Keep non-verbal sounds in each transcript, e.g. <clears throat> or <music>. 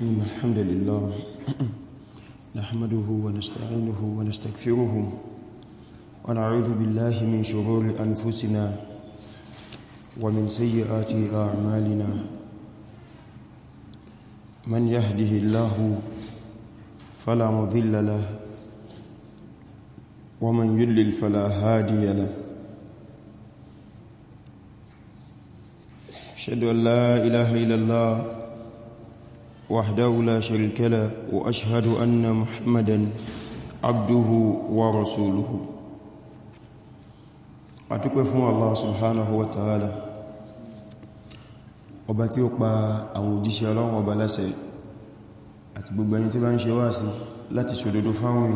إن الحمد لله نحمده ونستعينه ونستغفره ونعوذ بالله من شرور أنفسنا ومن سيئات أعمالنا من يهده الله فلا مضل له ومن يضلل فلا هادي له أشهد أن لا إله إلا الله وحده لا شريك له وأشهد أن محمدا عبده ورسوله أتكفون الله سبحانه وتعالى ọba tí ó pa àwọn òjíṣẹ́ ọlọ́run ọba lásẹ̀ àti gbogbo ẹni tí bá ń ṣe wá sí láti ṣòdodo fáwọn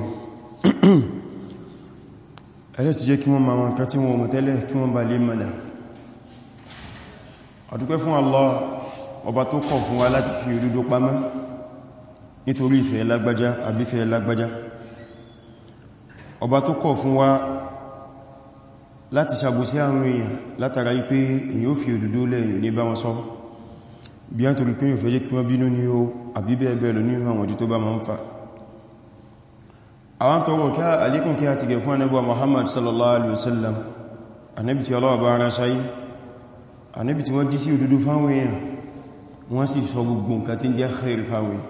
ẹlẹ́sì jẹ́ kí wọ́n ma wọn ká tí wọ́n mọ̀ tẹ́lẹ̀ kí wọ́n bá lè mọ̀dá àdúpẹ́ fún Allah ọba tó kọ̀ fún wa láti fi òdodo pamọ́ nítorí ìfẹ́ lágbájá àbífẹ́ lágbájá ọba tó kọ̀ fún wa láti ṣàgbòsí àwọn èèyàn látara wípé èyí ò fi òdodo lẹ́yìn ní bá wọn sọ bí án torí pé yóò fẹ́ jẹ́ kí wọ́n bínú ní o àbí bẹ́ẹ̀ bẹ́ẹ̀ lọ nínú àwọn ojú tó bá máa ń fa àwọn tọrọ kí àlékún kí a ti gẹ̀ fún anábíwa Muhammad sallallahu alaihi wasallam wọ́n sì sọ gbogbo nǹkan tí ń jẹ́ khair fáwẹ̀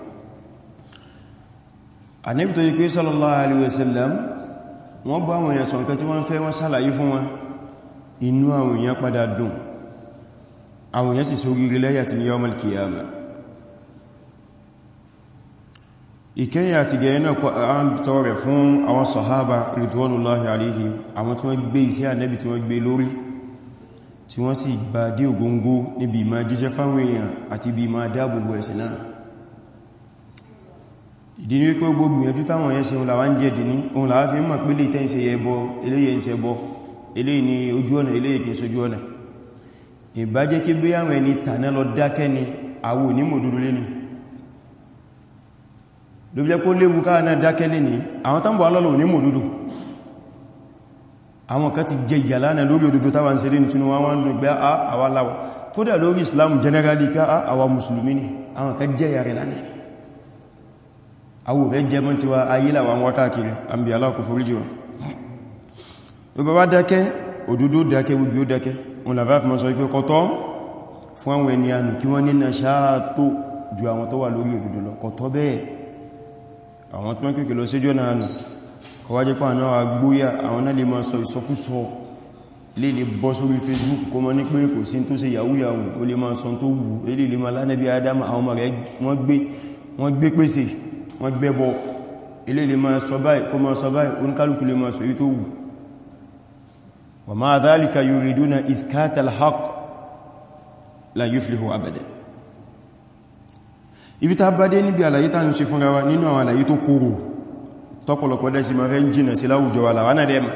Ànábì tó yí pé sallallahu alaihi wasallam wọ́n bá àwọn èèyàn sọ nǹkan tí wọ́n fẹ́ wọ́n sàlàyé fún wọn inú àwọn èèyàn padà dùn àwọn èèyàn sì sóríire lẹ́yà ti ní yawmal qiyamah ìkẹyà àti gẹ̀ẹ́nà tọrẹ fún tí wọ́n sì bá dé ògóngó níbi ìmá jíṣẹ́ fáwọn èèyàn àti ibi ìmá dáàbòbò ẹ̀sìn náà ìdí ní wípé gbogbo ìyànjú táwọn ẹ̀yẹ́ ṣe òlàwà ń jẹ́dì ní ohun làwá fi ń mọ̀ pé lè tẹ́ ìṣẹ́ ẹbọ eléyẹ ìṣẹ́ bọ eléyìí ni ojú ọ̀nà eléyìí kìí sójú ọ̀nà ìbájẹ́ kí bí àwọn ni àwò ní àwọn kan ti jẹ ìyàlánà lórí òdodo táwà ń ṣeré nìtúnú wọn wọ́n lò pé àwa láwà kódà lórí islam generally ká àwa musulmi ni àwọn kan jẹ yàrẹ lánàá awòfẹ́ jẹ mọ́ ti wa ayé làwọn wákàkiri àmì aláàkù foríjì wọn ló bá bá dákẹ́ òdodo dákẹ́ àwọn ẹni wọ́n nínà lọ kọtọ́ bẹ́ẹ̀ náà nù kọwàjẹ́ pàà náà agbóyà àwọn náà lè máa sọ ìsọkúsọ lè lè bọ́ sórí Facebook kọmọ ní pé kò sí tó ṣe yahoo o lè máa sọ tó wù elè lè máa lánàbí adama àwọn ọmọ rẹ̀ wọ́n gbé pèsè wọ́n gbẹ́bọ elè lè máa sọ báyìí kọmọ ibi ta bá dé níbi àlàyé tá ń ṣe fúnra wa nínú àwọn àlàyé tó kóró tọ́pọ̀lọpọ̀ dẹ́sí ma fẹ́ ń jìnà sí láwùjọ aláwánà dẹ́mà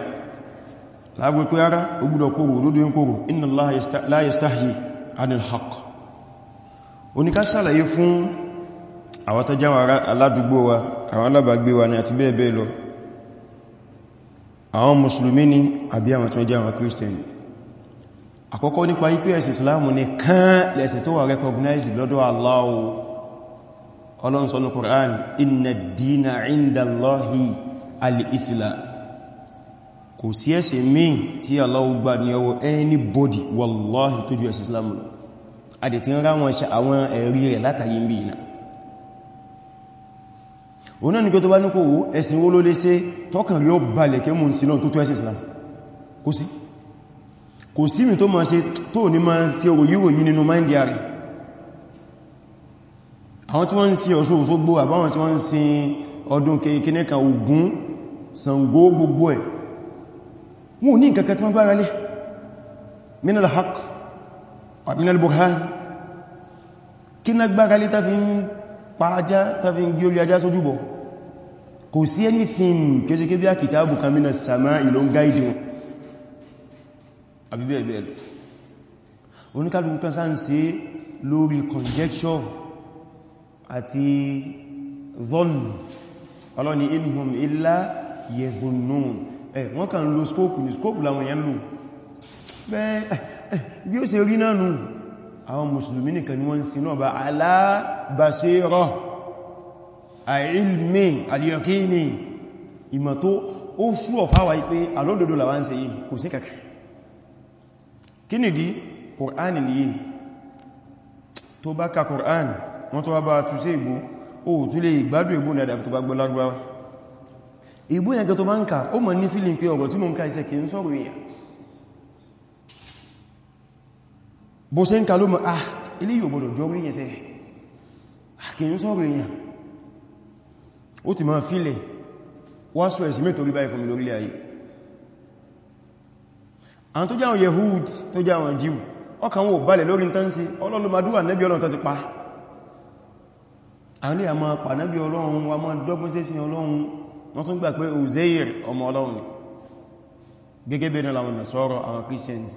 láàgbé pé ara ó gbúdọ̀ kòrò olódó ń kòrò inna Allaha la yastahyi anil haqq oníká sàlàyé fún àwọn tajáwà aládùgbò wa àwọn alábàgbé wa ni àti bẹ́ẹ̀ bẹ́ẹ̀ lọ àwọn mùsùlùmí ni àbí ọlọ́run sọ ní Qur'an inna dina inda Allahi al-Islam kò sí ẹ̀sìn míì tí Allah gbà ní ọwọ́ anybody wallahi tó ju ẹ̀sìn Islam lọ adẹ̀tí ń ráwọn ṣe àwọn ẹ̀rí rẹ̀ látàyí ń bí ìnà òun náà kí ó tó bá ní kò wó ẹ̀sìn wó ló lé ṣe tọ́kàn rí ó balẹ̀ kí mú sí náà tó tó ẹ̀sìn Islam kò sí kò sí mi tó máa ṣe tó ní máa fi òròyìn nínú máìndì rẹ̀ àwọn tí wọ́n ń sin Ọ̀ṣun Òṣogbo àbáwọn tí wọ́n ń sin ọdún kìíní kan Ògún Ṣàngó gbogbo ẹ̀ wọ́n ní nǹkan kan tí wọ́n gbára lé minal haq minal burhan kí ná gbára lé tàfi ń pa ajá tàfi ń gí orí ajá sójúbọ̀ kò sí anything kéṣeké bí àkìtàbù kan mínà sàmá ìlò ń gáìdì wọn àbíbẹ̀ẹ̀bẹ̀ẹ̀ oníkàlùkù kan sáà ń ṣe lórí conjecture àti zọ́nù ọlọ́ni inhum illa yẹ̀zùnnún ẹ̀ wọ́n kàn lo skóòkù ní skóòkù láwọn èèyàn lò bẹ́ẹ̀ bí ó ṣe rí náà nù àwọn mùsùlùmí nìkan ni wọ́n sí náà bá ala basira àìlmì aliyakini ìmọ̀ tó ó sú ọ̀fáwà ipé alódòdó làwọn ṣe yìí wọ́n tó wá bá tún sí ìgbó o tún lè gbádùn ìgbó ní àdàfi tó bá gbọ́ Lárúbáwá ìgbó yẹn gẹ́tọ́ máa ń kà ó mọ̀ ní fílìn pé ọ̀rọ̀ tí mo ń ka iṣẹ́ kì ń sọ̀rọ̀ èèyàn bó ṣe ń ka ló mọ̀ ah ilé yóò gbọdọ̀ jọ orí ẹsẹ̀ ah, kì ń sọ̀rọ̀ èèyàn ó ti máa fílẹ̀ wá sọ ẹ̀sìn mẹ́tọ̀ rí báyìí àwọn ilé àmà pànábí ọlọ́run wa mọ́ dọ́gbọ́n sí sin ọlọ́run wọ́n tún gbà pé Uzair ọmọ ọlọ́run gẹ́gẹ́ bẹ̀rẹ̀ àwọn nasọ́rọ̀ àwọn Christians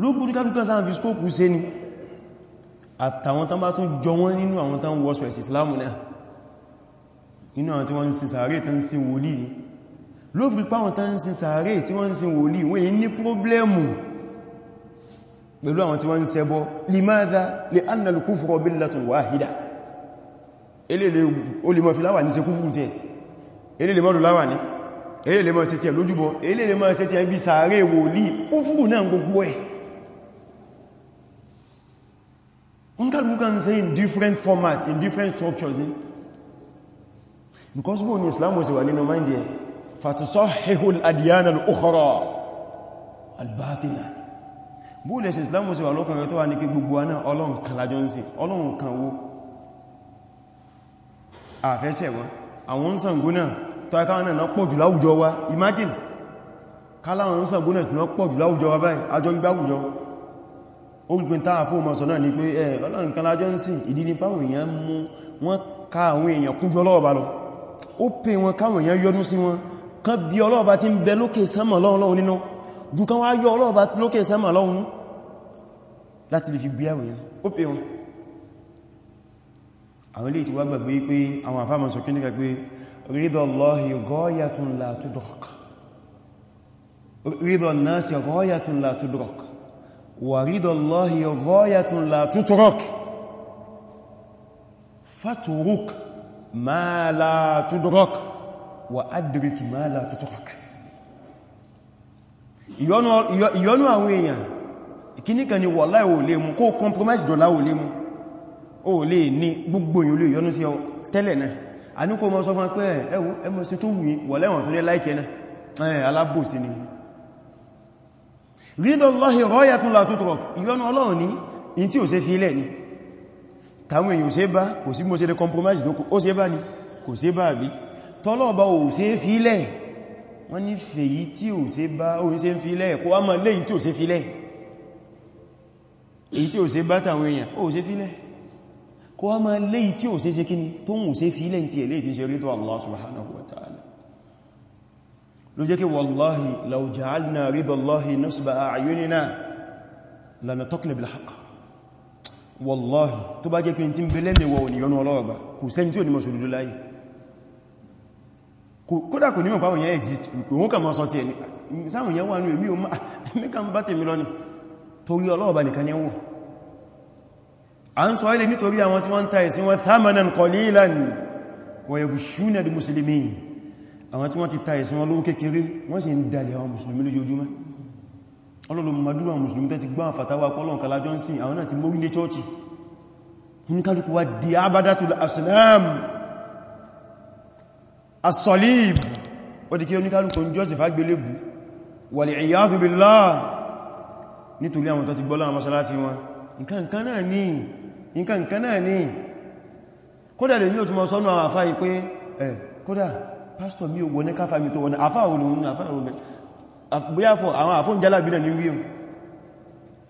lókùn dúkàtúkà sáà fi skókù sí ni àtàwọn tán bá tún jọ wọ́n nínú àwọn tán wọ́sọ̀ ẹ̀sì islamu náà nínú àwọn tí wọ́n ń sin sàárè lókùn pàwọn elele o lè mọ́ fi láwà ní ṣe kú fún tí ẹ̀ elele mọ́ láwà ní elele mọ́ ṣe tí ẹ̀ lójúbọ elele mọ́ ṣe tí ẹ̀ bí sàárè wòlí kú fún náà gbogbo ẹ̀ wọ́n kàlùkù kan say in different format in different structures eh? because bó ní Islam wọ́n sì wà nínú mind ẹ̀ fatusahhihu al-adyan al-ukhra al-batila bó lẹ́sẹ̀ Islam wọ́n sì wà lọ́kàn rẹ̀ tó wà ní kí gbogbo aná ọlọ́run kan lájọ́ ń sìn kan wó àfẹ́sẹ̀ wọn àwọn ń Ṣàngó náà tó aká náà náà pọ̀jù láwùjọ wa imagine káláwọn ń Ṣàngó náà tó náà pọ̀jù láwùjọ wa báyìí ajọ́ gbígbá àwùjọ olùgbìn tàà fún ọmọ sọ náà ni pé ẹ ọlọ́run kan lájọ́ ń sìn ìdí ní páwọn èèyàn mú wọ́n ká àwọn èèyàn kújọ ọlọ́ọ̀bá lọ ó pè wọn káwọn èèyàn yọnú sí wọn kan bí ọlọ́ọ̀bá ti ń bẹ lókè sánmà lọ́hùn nínú dùkan wá yọ ọlọ́ọ̀bá lókè sánmà lọ́hùn láti lè fi gbé àwọn èèyàn ó pè wọn àwọn ilé ìtiwà gbàgbé pé àwọn àfáàmà sọ kíníkà pé rídọ̀ lọ́hì gọ́yàtún látúdọ̀k rídọ̀ náàsì gọ́yàtún látúdọ̀k wà rídọ̀ lọ́hì gọ́yàtún látútọ̀k fàtúrúk máa látúdọ̀k wà ádìrík máa látútọ̀k ìyọnú àwọn èèyàn ìkíníkà ni wà láìwò lè mú kó compromise dọ̀láwò lè mú ó lè ni gbogbo èyàn lè yọnú sí ọ tẹ́lẹ̀ náà àníkò mọ́ sọ fún pé ẹwọ ẹmọ sí tó wùí wọ̀lẹ́wọ̀n tó ní láìkẹ́ náà ẹ̀ alábòsí ni rídọ̀lọ́hì rọ́yà tún látútọ̀rọ̀ ìyọnú ọlọ́run ní in tí ò ṣe fi ilẹ̀ ni tàwọn èèyàn ṣe bá kò sí mo ṣe lè compromise tó ó ṣe bá ní kò ṣe bá àbí tọ́lọ́ọ̀bá ò ṣe fi ilẹ̀ wọ́n ní fèyí tí ò ṣe bá ó ń ṣe fi ilẹ̀ kó wá mọ̀ lẹ́yìn tí ò ṣe fi ilẹ̀ èyí tí ò ṣe bá tàwọn èèyàn ó ṣe fi ilẹ̀ kó wá máa léyìí tí ò ṣe ṣe kíní tó ń ṣe fi ilẹ̀ tí ẹ̀lẹ́ ìdíṣẹ́ rí tó Allah subhanahu wa ta'ala ló jẹ́ kí wallahi law ja'alna ridallahi nasba a'yunina lanatakna bil torí ọlọ́ọ̀bà nìkan yẹn wò a ń sọ ilé nítorí àwọn tí wọ́n ta ìsìn wọn thamanan qalilan wa yaghshuna al-muslimin àwọn tí wọ́n ti ta ìsìn wọn lówó kékeré wọ́n sì ń dalẹ̀ àwọn musulmi lójoojúmọ́ ọlọ́lọ́ madúwà musulmi tẹ́ ti gbá fàtàwà pọ́lọ̀n kalájọ́ ń sìn àwọn náà ti mórí ní chọ́ọ̀chì ní kálùkù wá di abadatul aslam as-salib ó di kí oníkálùkù ń jọ́sì wal-iyadhu billah nítorí àwọn tó ti gbọ́lá àwọn masalasi wọn nǹkan nǹkan náà ní nǹkan nǹkan náà ní kódà lè ní òtún mọ́ sọ́nà àwọn àfáà pé ẹ̀ kódà pásítọ̀ mi ò wọ́n ní káfà mi tó wọ́n àfáà òun ní àfáà òun bóyá fọ́ àwọn àfóún jálàbí náà ní rí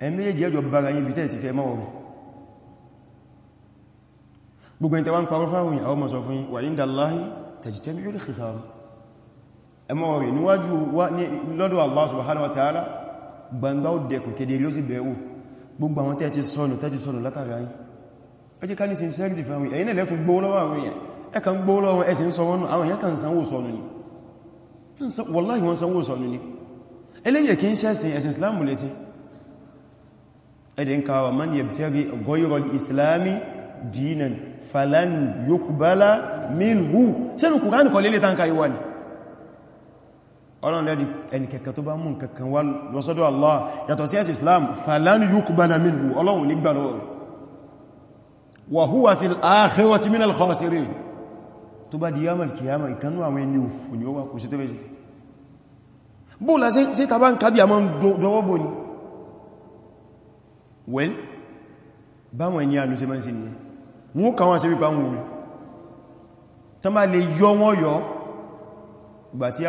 ẹ̀mẹ́jì ẹjọ́ bára yìí bítẹ̀ ti fẹ́ mọ́ ọ̀rọ̀ gbogbo ìtẹwà ń parọ́ fáwọn àwọn Allah subhanahu wa ta'ala gbangba ó dẹkùn kéde ló sì bẹ̀rù gbogbo àwọn tẹ́ ti sọnù tẹ́ ti sọnù látàrí ẹjẹ́ ká ní sincerity fún àwọn èyí lẹ́tún gbó lọ́wọ́ àwọn èèyàn ẹka ń gbó lọ́wọ́ ẹsìn sọwọ́nù àwọn èèyàn kan sanwó sọnù ni wallahi wọ́n sanwó sọnù ni eléyìí kí ń ṣẹ́sìn ẹ̀sìn Islam lẹ́sìn ẹ̀dẹ̀ ń kawo man yabtaghi ghayra al-islami dinan falan yuqbala minhu sẹ́nu kùránì kọ lélẹ̀ tán ọlọ́run lẹ́dí ẹni tó bá mú nǹkankan wá lọ sọ́dọ̀ yàtọ̀ sí ẹ̀sìn Islam falan yuqbala minhu ọlọ́run nígbà wa huwa fil akhirati minal khasirin tó bá di yamal kiyama ìkanú àwọn ẹni òfò ni ó wà kò sí tó bẹ́ sí bóòlá sí tàbá ń kábí àmọ́ dọwọ́bò ni well báwọn ẹni àánú sí mẹ́sí ni wọ́n kàwọn sí wípa wọn tán bá lè yọ wọ́n yọ gbà tí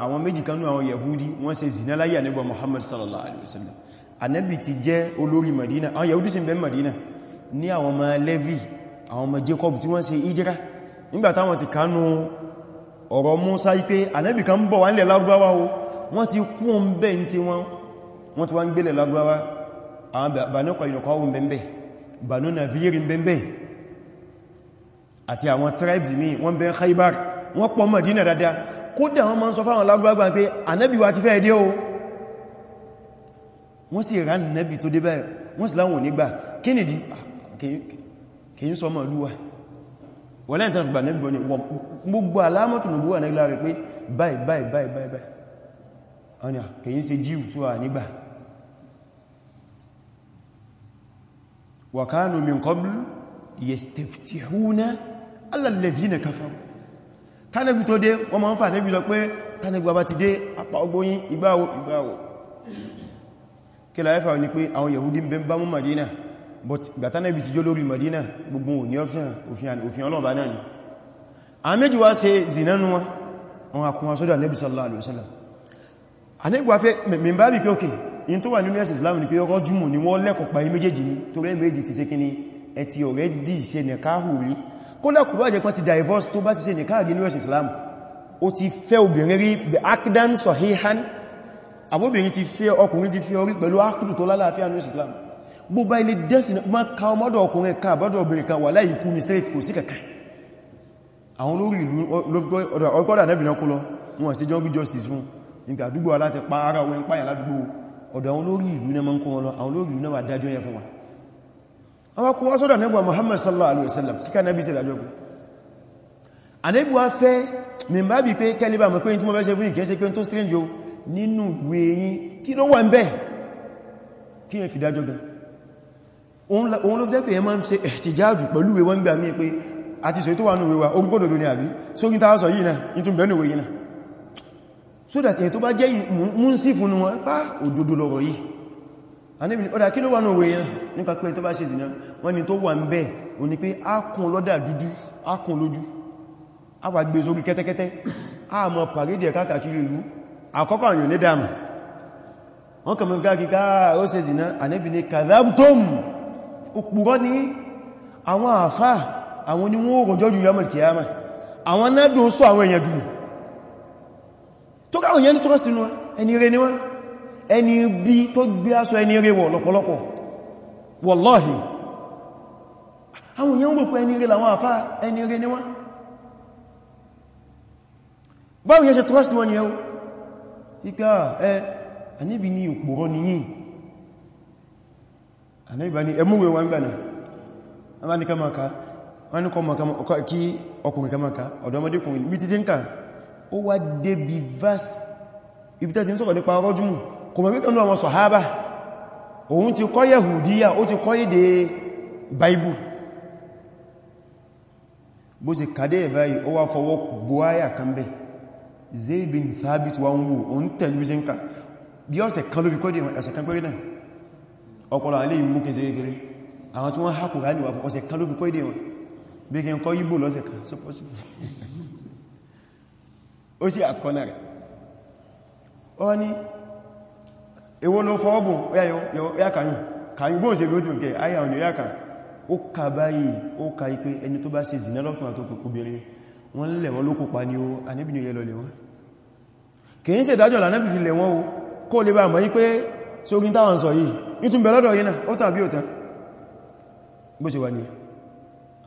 àwọn méjì kanú àwọn yahudi wọ́n ṣe zina láyé àníbà muhammad sallallahu alaihi wasallam ànábì ti jẹ́ olórí madina àwọn yahudi sì ń madina ní àwọn ọmọ Levi àwọn ọmọ Jacob tí wọ́n ṣe ìjírá nígbàtàwọn ti kánú ọ̀rọ̀ Musa ipé ànábì kan bọ̀ wá nílẹ̀ Lárúbáwá o wọ́n ti kú ń bẹ́ ní ti wọn wọ́n ti wá ń gbélẹ̀ Lárúbáwá àwọn bànúkọ̀ ìnàkọ́wò bẹ̀m̀bẹ̀ bànú nàvírí bẹ̀m̀bẹ̀ àti àwọn tribes mi wọ́n bẹ̀ Khaibar wọ́n pọ̀ Mọ̀dínà dáadáa kódà wọ́n máa ń sọ fáwọn Lárúbáwá pé ànábì wa ti fẹ́ sì rán nàbì tó dé wọ́n sì láwọn ò nígbà kí nìdí kìí sọmọ lúwà wọ́n lẹ́yìn tán fi gbà nẹ́gbọ́ ni gbogbo alámọ́tù ní búwà nẹ́gbà rẹ̀ pé báyìí báyìí báyìí báyìí ọ̀nà kìí ṣe jíù tó wà nígbà wa kanu min qablu yastaftihuna ala alladhina kafaru tánẹ́bí tó dé wọ́n ma ń fà nẹ́bí lọ pé tánẹ́bí wa bá ti dé apá ogbóyín ìgbàwó ìgbàwó kí láyẹ́fà ní pé àwọn yahudi ń madina but gbàtánẹ́bì ti jó lórí Madina gbogbo òní option òfin ọlọ́ọ̀bá náà ni a méjì wá ṣe zinanu wọn wọn akúnwà sọ́dọ̀ anẹ́bì sallallahu alaihi wasallam anẹ́gbà fẹ́ mẹ́mbà bí pé òkè in tó wà nínú ẹ̀sìn Islam ni pé ọkọ̀ jùmọ̀ ni wọ́n lẹ́kọ̀ọ́ pa méjèèjì ni tó rẹ́ méjì ti ṣe kíní ẹ ti ọ̀rẹ́ dì ṣe nìkáhù rí kódà kò bá jẹ́ pọ́n ti divorce tó bá ti ṣe nìkáhù nínú ẹ̀sìn Islam ó ti fẹ́ obìnrin rí bí akdan sahihan àbóbìnrin ti fẹ́ ọkùnrin ti fẹ́ orí pẹ̀lú akúdù tó lálàáfíà nínú ẹ̀sìn Islam gbogbo ilé dẹ́sìn ma ka ọmọdọ̀ ọkùnrin ká àbọ́dọ̀ obìnrin kan wà láì kú ní straight kò sí kankan àwọn olórí ìlú ọgọ́dà nẹ́bìnà kú lọ wọ́n sí jọ́gbí justice fún nígbà àdúgbò aláti pa ara wọn páyà ládúgbò ọ̀dọ̀ àwọn olórí ìlú náà ma ń kó wọn lọ àwọn Muhammad sallallahu alaihi wasallam kíkà nẹ́bì sí ìdájọ́ fún anẹ́bù wa fẹ́ mìmbá bí pé kẹ́lẹ́bà mọ̀ pé tí mo fẹ́ ṣe fún ìkẹ́ṣe pé tó strange o kí ló fi dájọ́ gan òun ló jẹ́ pé ẹmọ́ ń ṣe ẹ̀tìjáàjù pẹ̀lú wẹ́wọ́n gbà mí pé àti ìṣẹ́ tó wà ní wẹ́wà orúgbòdòdó ni àbí so kí tàá sọ yìí náà ìtún bẹ̀ẹ́nù wẹ́yìn náà so that èyí tó bá jẹ́ mún sí fún wọn pá òdòdó lọ́rọ̀ yìí anẹ́bìn ọ̀dà kí ló wà náà wẹ́yàn nípa pé tó bá wọ́n a kùn lọ́dà dúdú a kùn lójú a wà gbé sórí kẹ́tẹ́kẹ́tẹ́ a mọ̀ pàrídẹ̀ káàkiri ìlú àkọ́kọ́ àyàn ní dáàmù wọ́n kàmọ̀ káàkiri káà ó ṣe ìsìnà anẹ́bìn ni kàdábùtọ́mù òpùrọ́ ní àwọn àfá àwọn ni wọ́n rọ̀jọ́ jù yamal kìyàmà àwọn nádùn sọ àwọn èèyàn jù tó káwọn èèyàn ní trust inú ẹni rẹ ni ẹni bí tó gbé aṣọ ẹni rẹ wọ̀ lọ́pọ̀lọpọ̀ wallahi àwọn èèyàn rò pé ẹni rẹ làwọn àfá ẹni rẹ ni wọ́n báwọn èèyàn ṣe trust wọn ah, ni anábìbá ní ẹmúwẹ̀ wọn gbà náà wọ́n ní kọmọ̀ká wọ́n ní kọmọ̀ká kí ọkùnrin kọmọ̀ká ọ̀dọ́mọdékùnrin bí títí ń kà ó wá débi vas ibi tẹ́ ti ń sọ̀rọ̀ nípa rọ́júmù kò mọ̀ pípẹ́ náà wọn sọ̀hábà òun ti kọ́ yẹ̀hùdíyà ó ti kọ́ èdè báibù bó ṣe kàdé ìbáyìí ó ọpọlọ alẹ́ ìmú kí n ṣe kékeré àwọn tí wọ́n hákù ráníwà fún ọ̀sẹ̀ kan ló fi kọ́ èdè wọn bí kí n kọ́ yíbò lọ́sẹ̀ kan so possible ó sì àtkọ́nà rẹ̀ ó ní ewó ló fọ́ọ̀bùn óyá kàyùn kàyùn bóòn ṣe lótí nǹkẹ́ ayà òní óyá kà ó ka báyìí ó ka ipé lè bá mọ̀ yí pé sí ogun táwọn sọ yìí ìtún bẹ̀lọ́dọ̀ yìí náà ó tàbí òtán bó ṣe wà ní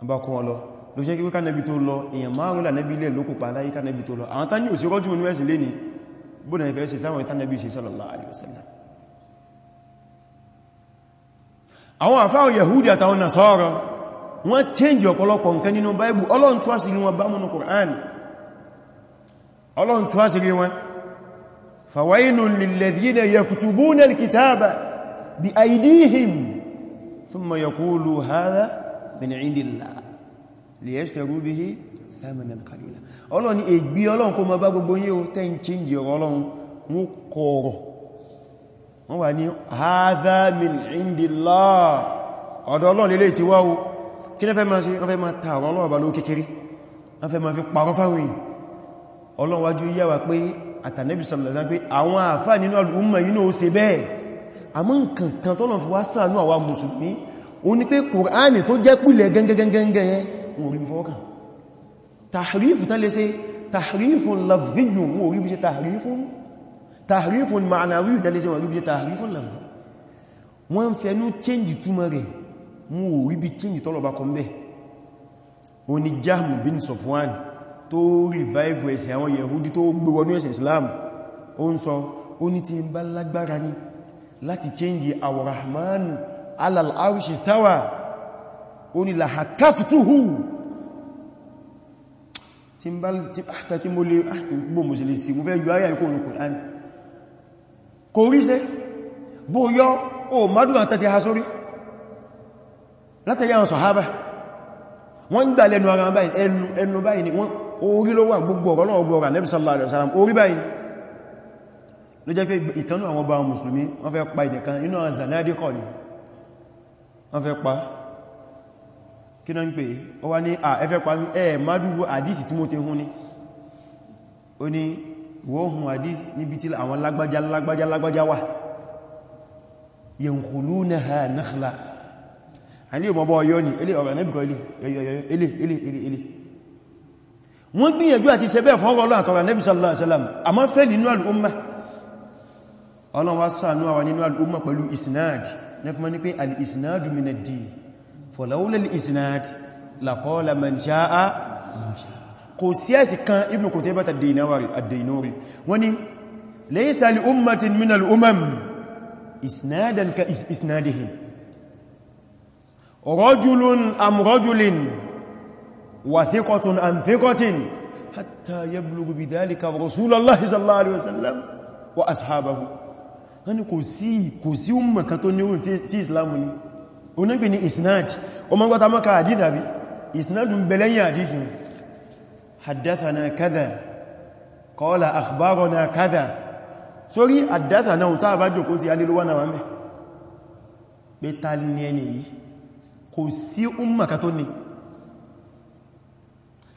àbá kún ọlọ ló ṣe kíkọ́ kánẹ́bí tó lọ èèyàn márùn-ún lànẹ́bí ilẹ̀ ló kópa láyé kánẹ́bí tó lọ àwọn tání òsì rọ́jú inú ẹ̀sìn lẹ́ni bó na ìfẹ́ sí sáwọn ìtánẹ́bí ṣe sallallahu alaihi wasallam àwọn àfáà Yahudi àtàwọn Nasara wọ́n change ọ̀pọ̀lọpọ̀ nǹkan nínú Bible ọlọ́run tú àṣírí wọn bá múnú Qur'an ọlọ́run tú àṣírí wọn فويل للذين يكتبون الكتاب بأيديهم ثم يقولوا هذا من عند الله ليشتروا به ثمنا قليلا Ọlọ́run ègbé Ọlọ́run kó má bá gbogbo yín o tẹ́ ń chíǹjì ọ̀rọ̀ Ọlọ́run mú kọ̀ọ̀rọ̀ wọ́n wà ní هذا من عند àtànẹ́bì sàmìlẹ̀ pé àwọn àfà nínú alùmọ̀ yínú ó ṣe bẹ́ẹ̀ àmọ́ nǹkan kan tọ́lọ̀ fi wá ṣàánú àwa mùsùlùmí o ní pé kòránì tó jẹ́ pìlẹ̀ gẹ́gẹ́gẹ́gẹ́gẹ́ wọn orí bí fọ́kàn tàhrífù tẹ́lẹ̀ ṣe tàhrífùn lafziyun wọn orí bí ṣe tàhrífùn tàhrífùn ma'anawiyun tẹ́lẹ̀ ṣe wọn orí bí ṣe tàhrífùn lafzi wọ́n fi ẹnu change túmọ̀ rẹ̀ wọn orí bí change tọ́lọ̀ bá kọ́ mbẹ̀ wọn ni Jahmu bin Sofwan tó revive ẹ̀sìn àwọn yẹ̀húdí tó gbé wọnú ẹ̀sìn islam ó ń sọ ó ní tí ń bá lágbára ní láti change our rahman alal arsh istawa ó ní la hakaftuhu tí ń bá tí pàtà ah, kí mo lè ah, gbò mo sì lè sí mo fẹ́ yọ ayà ikú ònù kùnán kò rí sẹ́ bó yọ ó mádùn àtàtì ha sórí látàrí àwọn sàhábà wọ́n ń gbà lẹ́nu ara báyìí ẹnu báyìí ni wọ́n orí ló wà gbogbo ọ̀rọ̀ náà gbogbo ọ̀rọ̀ Ànábì sallallahu alaihi wasallam orí báyìí ló jẹ́ pé ìkanú àwọn ọba mùsùlùmí wọ́n fẹ́ pa ìdẹ̀kan inú àzànádìkọ̀ ni wọ́n fẹ́ pa kí náà ń pè ọ wá ní ẹfẹ́ pa ní ẹ mádúgbò àdísì tí mo ti hún ní ó ní wọ́n hun àdísì níbi tí àwọn lágbájá lágbájá lágbájá wà yankhulunaha nakhla a ní ìmọ̀bọ̀ wọ́n gbìyànjú àti ṣe bẹ́ẹ̀ fún ọ̀rọ̀ Ọlọ́run àtọ̀rọ̀ Ànábì sallallahu alaihi wasallam àmọ́ fẹ́ nínú al'umma Ọlọ́run wá ṣàánú àwa nínú al'umma pẹ̀lú isnad nafman ni pé al-isnad min ad-din falawla al-isnad laqala man sha'a kò sí ẹ̀sì kan Ibn Qutaybah ad-Dainawari wọ́n ní laysa li ummatin min al isnadan ka isnadihim rajulun am وثقة عن ثقة حتى يبلغ بذلك رسول الله صلى الله عليه وسلم وأصحابه wọ́n ni kò sí kò sí ọmọ kan tó ní orin tí islamu ni onígbè ni isnad o ma ń gbọ́ta mọ́ka àdíthà bí isnadun belẹ́yìn àdíthì hadatha na kò sí ọmọ tó ní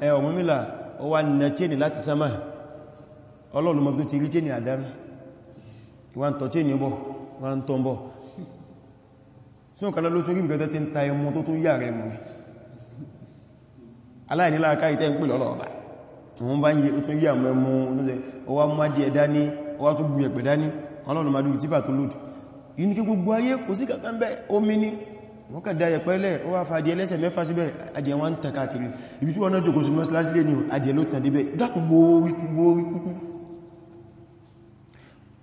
Ọ̀rúnmìlà ó wá na chéni láti sánmà Ọlọ́run mọ̀ tó ti rí chéni àdánù ìwà ń tọ́ chéni bọ̀ wà ń tọ́ bọ̀ sí ọ̀kan ló tún rí nǹkan tó ti ń ta ẹmu tó tún yà rẹ̀ mọ̀ aláìníláàká ìtẹ́ ń pè lọ́lọ́ ọ̀bá wọ́n bá yí ó tún yà mọ́ ẹmu ọwá mú ajé ẹ̀dá ní ọwá tún gbìyànpẹ̀dá ní Ọlọ́run madu ìtíbà tó lòdì yìí ní kí gbogbo ayé kò sí kankan bẹ́ omi ní wọ́n kà dáyẹ pẹ́lẹ̀ ó wá fa adìẹ lẹ́sẹ̀ mẹ́fà síbẹ̀ adìẹ wọ́n ń tàn káàkiri ibi tí wọ́n náà jòkó sí mọ́sílásí lè ní adìẹ ló tàn débẹ̀ dákùgbòríkúgbòríkúkú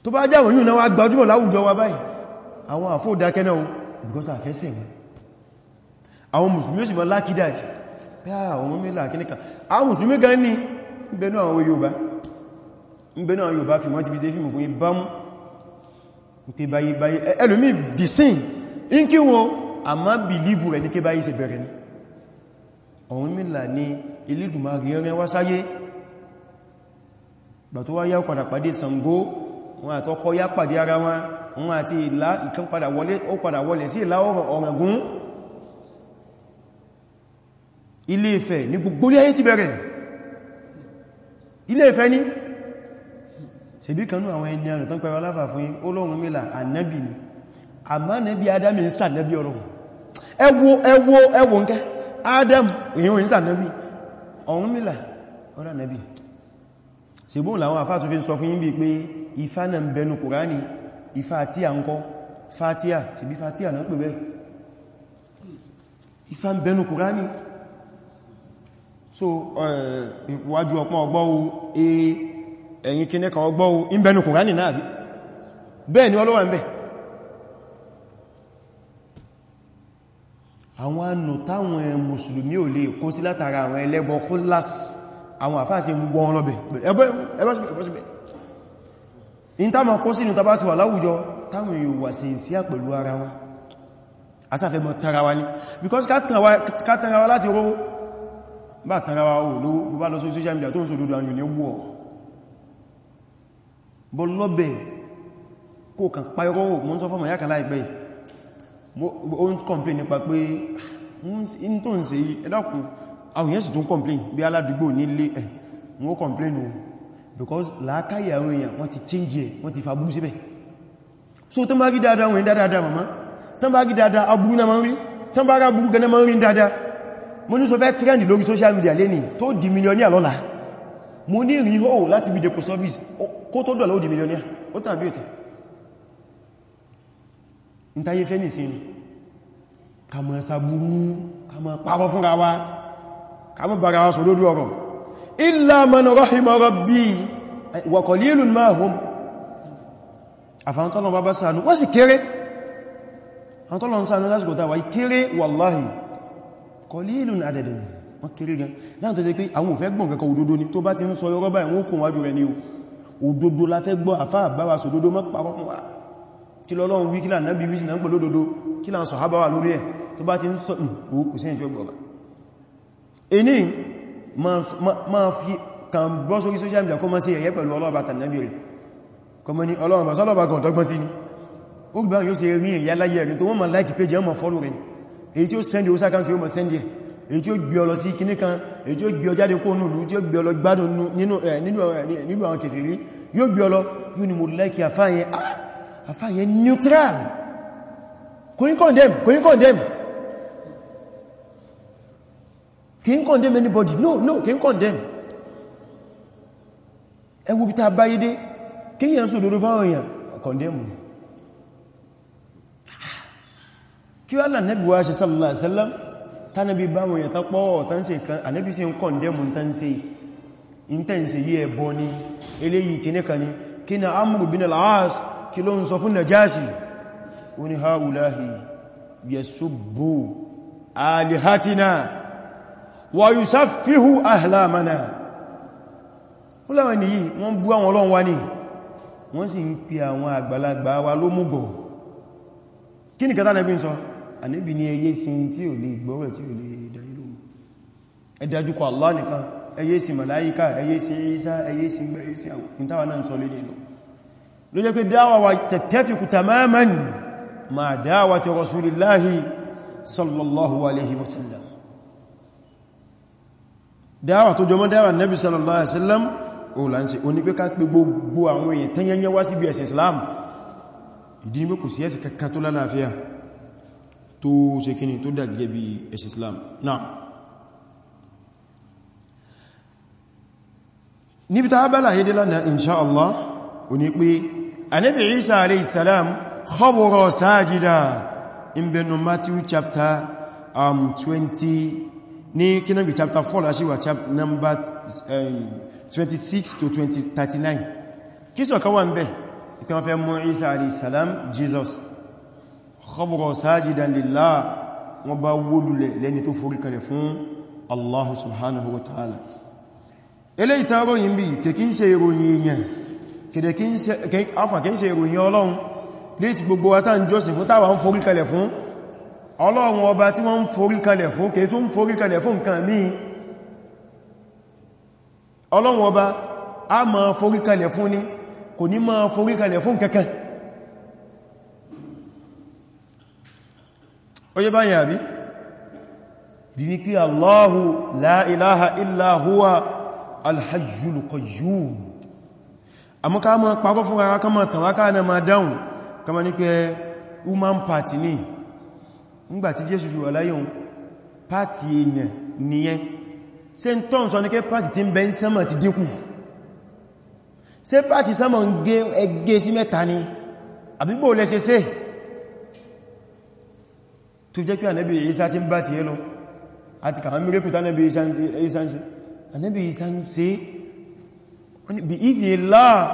tó bá jáwọn yìí náà gbajúmọ̀ láwùjọ wa báyìí àwọn àfó dákẹ́ náà because àfẹ́sẹ̀ wọn àwọn mùsùlùmí sì mọ́ lákídà ah, àwọn mẹ́lá kíníkà àwọn mùsùlùmí gan ní ìbẹ̀nú àwọn Yorùbá ìbẹ̀nú àwọn Yorùbá fi wọ́n ti fi ṣe fíìmù fún ibámú ìpé báyé báyé ẹlòmí dìsìn in kí wọn àmọ́ bìlífù rẹ̀ ní kí báyìí ṣe bẹ̀rẹ̀ ní ọ̀hun mìlà ní Elédùmarè rẹ̀ wá sáyé gbà tó wá yá padà pàdé Ṣàngó wọn àtọ́kọ́ yá pàdé ara wọn wọn àti ìlà ìkan padà wọlé ó padà wọlé sí ìlà Ọ̀ràngún Ilé Ifẹ̀ ní gbogbo ilé ayé ti bẹ̀rẹ̀ Ilé Ifẹ̀ ní ṣebí kanú àwọn ẹni àrùn tán pẹ̀rọ aláfà fún Ọlọ́run mìlà ànábì ni àmá nẹ́bí adam ń sànẹ́bí ọlọ́run ẹwọ ẹwọ ẹwọ ǹkẹ́ adam èyàn ń sànẹ́bí ọ̀run mìlà ọ̀rọ̀ nẹ́bí ṣègbóhùn làwọn àfáà tó fi sọ fún yín bí pé ifá náà ń bẹnu kùránì ifá àti àǹkọ́ fatia ṣebí fatia náà pè bẹ́ ifá ń bẹnu kùránì so ìwájú eh, ọpọ̀ ọgbọ́ eh, ẹ̀yìn kìnnẹ́kà ọgbọ́ ń bẹnu kùránì náà bẹ́ẹ̀ ni ọlọ́wà ń bẹ́ẹ̀ àwọn anù táwọn mùsùlùmí ò lè kó sí látara àwọn ẹlẹ́bọ kólás àwọn àfáàsí gbogbo wọn lọ́bẹ̀ ẹgbẹ́sùgbẹ̀ in tá ma kó sínú tàbá ti wà láwùjọ táwọn èèyàn wà sí sí pẹ̀lú ara wọn asáfẹ́ mọ̀ tara wa ní because ká tara wa láti rówó bá tara wa ò lówó bó bá lọ sí social media tó ń sòdodo àwọn èèyàn wọ́ bọ́ lọ́bẹ̀ kó kàn páyọ́rọ́ mọ́ sọ fọ́mọ̀ yákàlá ìgbẹ̀yìn ó ń complain nípa pé in tó ń ṣe ẹ̀dàkùn àwọn èèyàn sì tún complain bí aládùúgbò nílé ẹ̀ wọ́n complain o because làákàyè àwọn èèyàn wọ́n ti change ẹ̀ wọ́n ti fa burú síbẹ̀ so tán bá rí dáadáa wọ́n rí dáadáa mama tán bá rí dáadáa aburú náà máa ń rí tán bá rá burú gẹ́nà máa ń rí dáadáa mo ní so fẹ́ trend lórí social media lẹ́ni tó di millionaire lọ́la mo ní rí hóò láti bí the post office kó tó dọ̀lá ó di millionaire ó tàn bí ìtàn ìtayé fẹ́ nìsí ni ká má sàbúrú ká má pàwọ́ fúnra wa ká má bára wa sòdódó ọ̀rọ̀ illa man rahima rabbi wa qalilun ma hum àfàntọ́lọ̀ bá bá sànú wọ́n sì kéré àfàntọ́lọ̀ sànú lásìkò tàwà kéré wallahi qalilun adadun wọ́n kéré gan láàrín tó jẹ́ pé àwọn òfẹ́ gbọ́n kẹ́kọ̀ọ́ òdodo kí lọ́lọ́run wí kílà náàbí wísì náà pẹ̀lódòdó kílà sọ̀hábà wà lórí ẹ̀ tó bá ti ń sọ ìwò hmm, kò sí ìjọ gbọ̀gbà ẹni ma fi kàn bọ́ sórí social media kọ́ mọ́ sí ẹ̀yẹ pẹ̀lú ọlọ́ọ̀bà tànàbí rẹ̀ kọmọ ni ọlọ́ọ̀bà sọ́lọ́ọ̀bà kan tọ́gbọ́n sí ni ó gbà yóò ṣe rí ìyá láyé ẹ̀rin tó wọ́n ma láìkì péjì ọmọ fọ́lù rẹ̀ èyí tí ó sẹ́ndì ó sákàntì ó mọ̀ sẹ́ndì èyí tí ó gbé ọlọ sí kíní kan èyí tí ó gbé ọjáde kó nùlú tí ó gbé ọlọ gbádùn nínú àwọn kèfèrí yóò gbé ọlọ yóò ni mo láìkì àfáyẹn ah, àfáàyẹ neutral kò ń condemn kò ń condemn kì ń condemn anybody no no kì ń condemn ẹwù bí ta báyé dé kí yẹn sọ òdodo fáwọn èèyàn condemn ni kí wá là nẹ́bí wá ṣe sallallahu alaihi wasallam tánàbí báwọn èèyàn tápọ̀ tánṣe kan ànẹ́bí sí ń condemn tánṣe intense yí ẹbọ ni eléyìí kìníkà ni kí na amru bin al-aas kí ló ń sọ fún najashi ó ní haulahi yasubbu alihatina wa yusaffihu ahlamana ó láwọn nìyí wọ́n bú àwọn ọlọ́run wa ní wọ́n sì ń pè àwọn àgbàlagbà wa ló mú bọ̀ kí ni kátà nẹ́bí ń sọ àníbì ní ẹyẹ sin tí ò lè gbọ́rẹ̀ tí ò lè dáyé lóòmù ẹ̀dájúkọ Allah nìkan ẹyẹ sin màláyíká ẹyẹ sin Isa ẹyẹ sin gbẹ̀ẹ́sìn àwọn ìtawà náà ń sọ lé nìlọ́wọ́ ló jẹ́ pé dáwà wa tattafiqu tamaman ma da'wati rasulillahi sallallahu alaihi wasallam dáwà tó jọmọ́ dáwà nabi sallallahu alaihi wasallam ó láǹsẹ̀ ó ní pé ká pé gbogbo àwọn èèyàn tẹ́yẹnyẹ wá síbi ẹ̀sìn Islam ìdí ní pé kò sí bí ta bá láyé dé lánàá inṣáàlá ó ní pé anabi isa alayhi salam khabara sajida in benu matthew chapter um 20 ní kina bi chapter 4 la ṣe number um, 26 to 20 39 kiso kan wà ńbẹ̀ ipe wọ́n fẹ́ mú isa alayhi salam jesus khabara sajida lillah wọ́n bá wólulẹ̀ lẹ́ni tó forí kalẹ̀ fún allah subhanahu wa ta'ala eléyìí tá ròyìn bí kèkí ń ṣe ìròyìn èèyàn kìdẹ̀ kí ń ṣe ìròyìn ọlọ́run lè ti gbogbo wa tán jọ́sìn fún táwa ń forí kalẹ̀ fún ọlọ́run ọba tí wọ́n ń forí kalẹ̀ fún kìí tó ń forí kalẹ̀ fún nǹkan míì ọlọ́run ọba a ma forí kalẹ̀ fún ní kò ní ma forí kalẹ̀ fún kankan al-hayyul qayyum àmọ́ ká mọ́ parọ́ fún ara ká mọ́ tàwáká náà ma dáhùn ká ní pé human party ní nígbàtí Jésù fi wà láyé òun party èèyàn nìyẹn ṣe ń tọ́n sọ ní pé party ti ń bẹ ń sánmà ti dínkù ṣe party sánmà ń gé ẹgbẹ́ sí mẹ́ta ni àbígbò lẹ́sẹsẹ́ tó jẹ́ pé ànẹ́bì Ìsá ti ń bá ti bí ìdí láà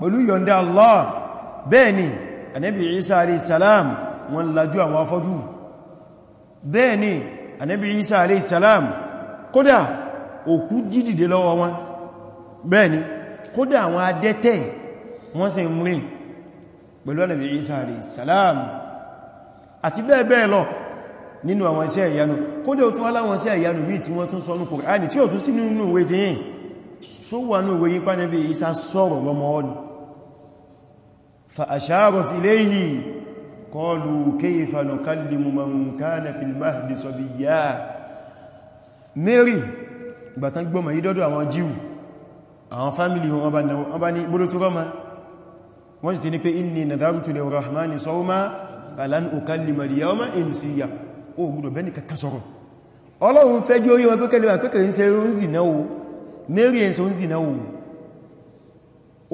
pẹ̀lú yọ̀ndà Allah bẹ́ẹ̀ni anẹ́bì Isa alayhi salam wọ́n lajú àwọn afọ́jú bẹ́ẹ̀ni anẹ́bì Isa alayhi salam kódà òkú jídìde lọ́wọ́ wọn bẹ́ẹ̀ni kódà àwọn adẹ́tẹ̀ wọ́n sì mú pẹ̀lú anẹ́bì Isa alayhi salam àti bẹ́ẹ̀ bẹ́ẹ̀ lọ nínú àwọn iṣẹ́ ìyanu kódà ó tún wá láwọn iṣẹ́ ìyanu míì tí wọ́n tún sọ ní Kùránì tí ó tún sí nínú ìwé ti yìn tó wà ní òwe yípa níbi Ìsá sọ̀rọ̀ lọ́mọ ọlù fa asharat ilayhi qalu kayfa nukallimu man kana fil mahdi sabiyya Mary gbàtán gbọ́mọ̀ yí dọ́dọ̀ àwọn jíù àwọn fámílì wọn bá ní bódó tó rọ́mà wọ́n sì ti ní pé inni nadhartu lir-rahmani sawma falan ukallima al-yawma insiya Ọlọ́run fẹ́ orí wọn pẹ́kẹ̀lẹ̀ pẹ́kẹ̀lẹ̀ ń ṣe oúnjẹ náà mary ẹ̀nsẹ̀ ń zìnà òun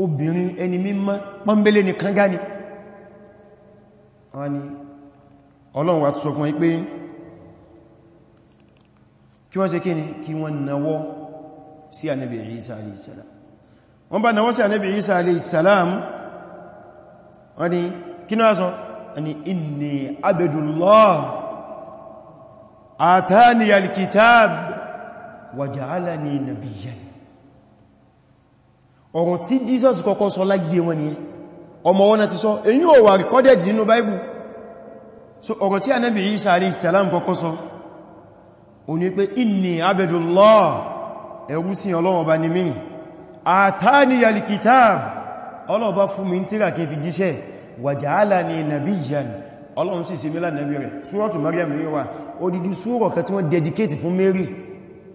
obìnrin ẹni mímọ́ pọ́nbélé ni kanga ni wọ́n ni ọlọ́run wà tó sọ fún ẹ pé kí wọ́n ṣe kí ni kí wọ́n nawọ́ sí ànábì Isa alayhi salam wọ́n bá nawọ́ sí ànábì wọ́n sọ ni inni abdullah atani alkitab wa ja'alani nabiyyan ọ̀rọ̀ tí Jesus kọ́kọ́ sọ láyé wọn ni ọmọ wọn náà ti sọ èyí ò wà recorded nínú Bible so ọ̀rọ̀ tí Ànábì Isa alayhi salam kọ́kọ́ sọ ó ní pé inni abdullah ẹrú sí Ọlọ́run ọba ni mí ataniyal kitab Ọlọ́run bá fún mi tírà kí n fi jíṣẹ́ wa ja'alani nabiyyan Suratu Maryam lè wà odidi súrọ̀ kan tí wọ́n dedicate fún Mary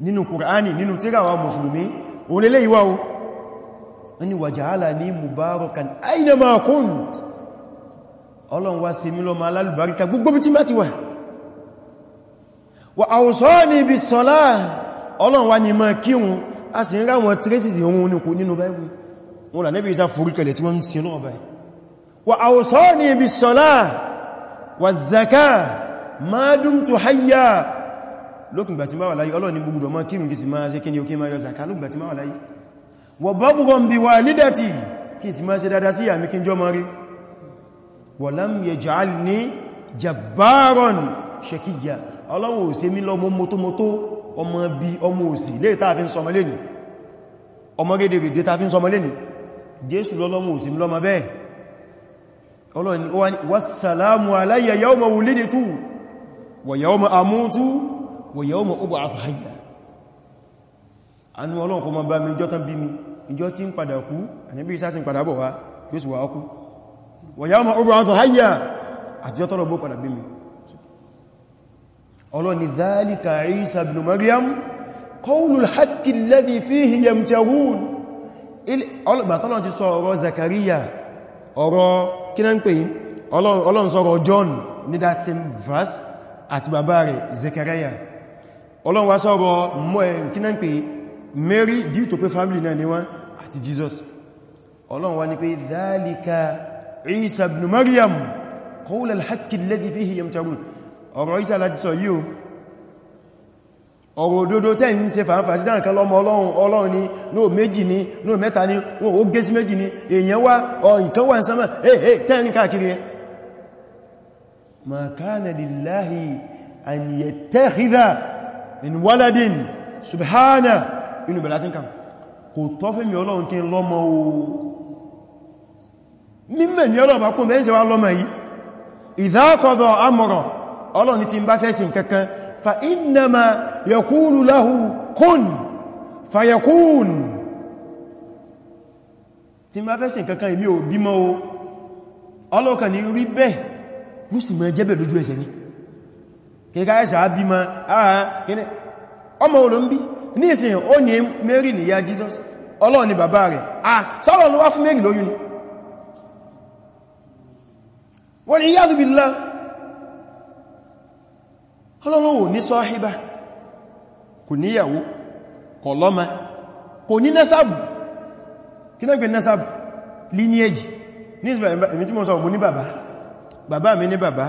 nínú Kùránì nínú tírà wa mùsùlùmí òun lè lè ní waj'alani mubarakan aynama kunt ọlọ́run wá ṣe mí lọ́mọ alálùbáríkà gbogbo tí bá ti wà wa awsani bis salah ọlọ́run wá ní máa kírun a sì ń ráwọn traces ohun oníkò nínú báyìí wọn lànẹ́bí isa forúkẹlẹ̀ tí wọ́n ń ṣe náà báyìí wa awsani bis salah wa zaka ma dumtu hayya lókùngbà tí máa wọ bọ́gbùgbọ́n bí wà lídẹ̀tì kí sì máa ṣe dada sí àmì kí jọ mọ́rí wọ̀lám yaj'alni jabbaran shakiyya ọlọ́wọ̀ òsè mí lọ mọ́tọ́mọ́tọ́ ọmọ bí ọmọ òsì lè tàà fi ń sọmọ lẹ́ni ọmọ anu ọlọ́run kó bá mi jọ́tán bí mi ìjọ tí ń padà kú àníbí ìsá sí ń padà bọ̀ wá yóò sì wà ọkú wọ̀yá ọmọ ọgbọ̀n àwọn hayya àtijọ́ tọ́rọ bó padà bí mi ọlọ́ni zálika Isa ibn Maryam qawlul haqqi alladhi fihi yamtahun ọlọ́gbàtọ́lọ́ ti sọ Mary due to pé family náà ni wọ́n àti Jesus ọlọ́run wá ní pé dhalika Isa ibn Maryam qawl al-haqqi alladhi fihi yamtarun ọ̀rọ̀ Isa láti sọ yíò ọ̀rọ̀ òdodo tẹ́ ń ṣe fàánfà sí dáǹkan lọ́mọ ọlọ́run ọlọ́run ni no méjì ni no mẹ́ta ni wọ́n ó gé sí méjì ni èèyàn wá ọ̀yìnkan wà subhana inú bẹ̀lá tí kò tọ́ mi ọlọ́run kí n lọ́mọ o mímẹ̀ ní ọlọ́run bá kún bẹ́ẹ̀ ṣe wá lọ́mọ yìí ìdákọ̀dọ̀ amọ̀rọ̀ ọlọ́run ti ń bá fẹ́ ṣe fa inama yakulu lahu kun o o ọmọ ní ìsìn ó ní Mary ní ya Jesus ọlọ́ọ̀ ni bàbá rẹ̀ ah sọ́rọ̀ ló wá fún Mary lóyún ni wọ́n ni yá zùbí lọ Ọlọ́run ní sọ́híbá kò níyàwó kò kò ní nẹ́sàbù kí náà gbé nẹ́sàbù lineage ní ìsìn bàbá ní bàbá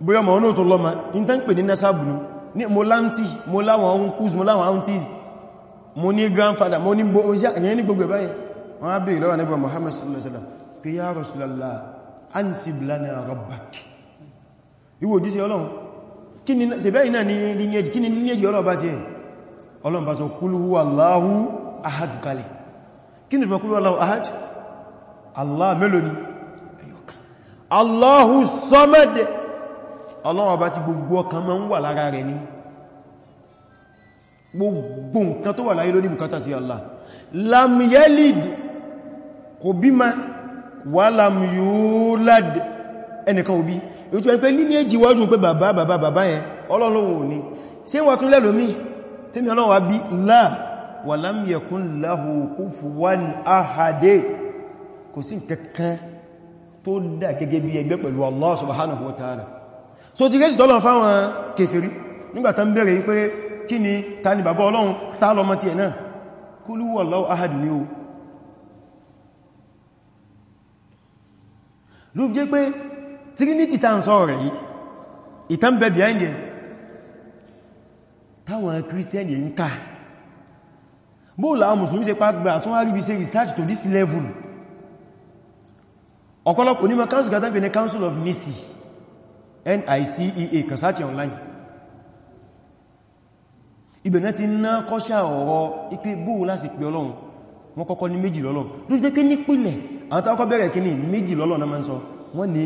bóyá ma ọ̀nà tó lọ́mà in tán pè ní nasabu ní mo lántí mo láwọn uncles mo láwọn aunties mo ní grandfather mo ní gbogbo báyìí wọ́n á bèèrè lọ́wọ́ nígbà Muhammad sallallahu alaihi wasallam ní lineage kí ni Allah Allahu samad ọlọ́run ọba tí gbogbo ọkàn máa ń wà lára rẹ̀ ní gbogbo nǹkan tó wà láyé ló ní bùkátà sí Allah lam yalid kò bímá wà lam yulad ẹnìkan òbí yóò tí wọ́n pẹ́ lílé jíwájú pé bàbá bàbá bàbá yẹn ọlọ́run ò ní ṣe wà tún lẹ́lòmí tẹ́mi tó dà gẹ́gẹ́ bí ẹgbẹ́ pẹ̀lú Allah subhanahu wa ta'ala so ti rẹ́sì tọ́lọ̀ fáwọn kèfèrí nígbàtà ń bẹ̀rẹ̀ pé kí ni ta ni bàbá ọlọ́run sá lọmọ ti ẹ̀ náà kúlú wallahu ahadù ní o ló fi jẹ́ pé trinity ta ń sọ rẹ̀ yìí ìtàn bẹ̀ behind ẹ̀ táwọn kírísítẹ́nì ń ká bóòlù àwọn mùsùlùmí ṣe pàtàkì àtún wá ríbi ṣe research to this level ọ̀pọ̀lọpọ̀ onímọ̀ council gata pè ní council of Nicaea NICEA kan sáàtì online ibẹ̀ náà ti ná kọ́ṣà ọ̀rọ̀ ipé bóò láti pè ọlọ́run wọ́n kọ́kọ́ ní méjì lọ́lọ́run ló jẹ́ pé nípìlẹ̀ àwọn tàbí bẹ̀rẹ̀ kí ní méjì lọ́lọ́run náà máa ń sọ wọ́n ní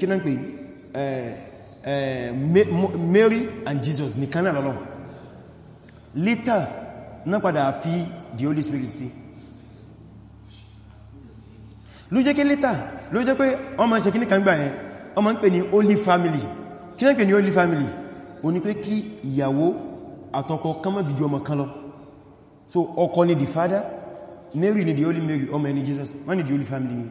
kí ń pè eh, eh, eh, Mary and Jesus nìkan náà later náà the Holy Spirit sí ló later ló jẹ́ pé wọ́n ma ń pè ní only family kí náà pè ní only family o ní pé kí ìyàwó àtọkọ kan má bí ju ọmọ kan lọ so ọkọ ni the father Mary ni the only Mary ọmọ ẹni Jesus wọ́n ni the only family ni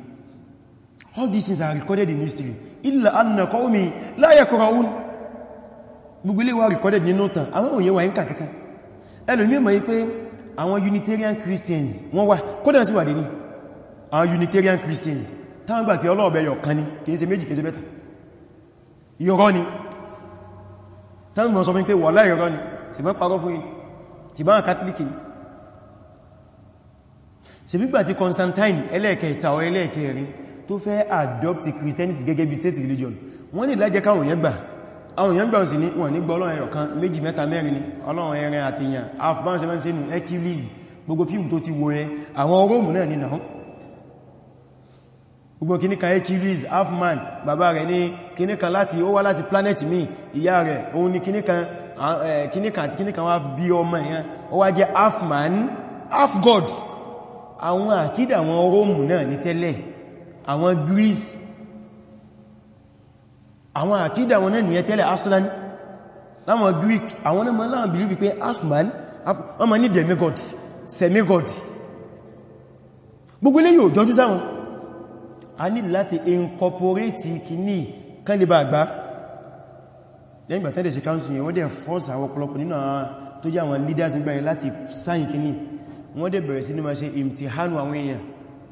all these things are recorded in history illa anna qawmi la yaqra'un gbogbo ilé wa recorded nínú tàn àwọn òye wà ń kà kankan ẹlòmí mọ̀ yí pé àwọn Unitarian Christians wọ́n wà kódà sí wà dé ní àwọn Unitarian Christians tán gbà kí ọlọ́ọ̀bẹ yọ kan ní kìí ṣe méjì kìí ṣe mẹ́ta ìrọ́ ni tán mọ̀ sọ fún pé wà láì rọ́ ni sì mọ́ parọ́ fún yìí ti bá katoliki ni sì gbígbà tí Constantine ẹlẹ́ẹ̀kẹta ọ ẹlẹ́ẹ̀kẹrin tó fẹ́ adopt Christianity gẹ́gẹ́ bí state religion wọ́n ní lájẹ́ káwọn èèyàn gbà àwọn èèyàn gbà sí ní wọ́n ní gbọ́ ọlọ́run ẹyọ kan méjì mẹ́ta mẹ́rin ni ọlọ́run ẹrin àti èèyàn afghan 7 sínú hercules gbogbo fíìmù tó ti wo ẹ àwọn róòmù náà ni náà gbogbo kìní kan hercules halfman bàbá rẹ̀ ní kìní kan láti ó wá láti planet mi ìyá rẹ̀ òun ni kìní kan àti kìní kan wá bí ọmọ ẹ̀yàn ó wá jẹ́ halfman half god àwọn àkídà àwọn róòmù náà ní tẹ́lẹ̀ àwọn greece àwọn àkídà àwọn náà nìyẹn tẹ́lẹ̀ aslan láwọn greek àwọn náà láwọn believe pé halfman wọ́n ma ní demigod semigod gbogbo ilé yóò jọjú sáwọn a ní láti incorporate kìíní kálíbà àgbá lẹ́yìn bàtà dẹ̀ sí council yẹn wọ́n dẹ̀ force àwọn ọ̀pọ̀lọpọ̀ nínú àwọn tó jẹ́ àwọn leaders ń gbáyẹ láti sign kìíní wọ́n dẹ̀ bẹ̀rẹ̀ sí ní máa ṣe imtihanu àwọn èèyàn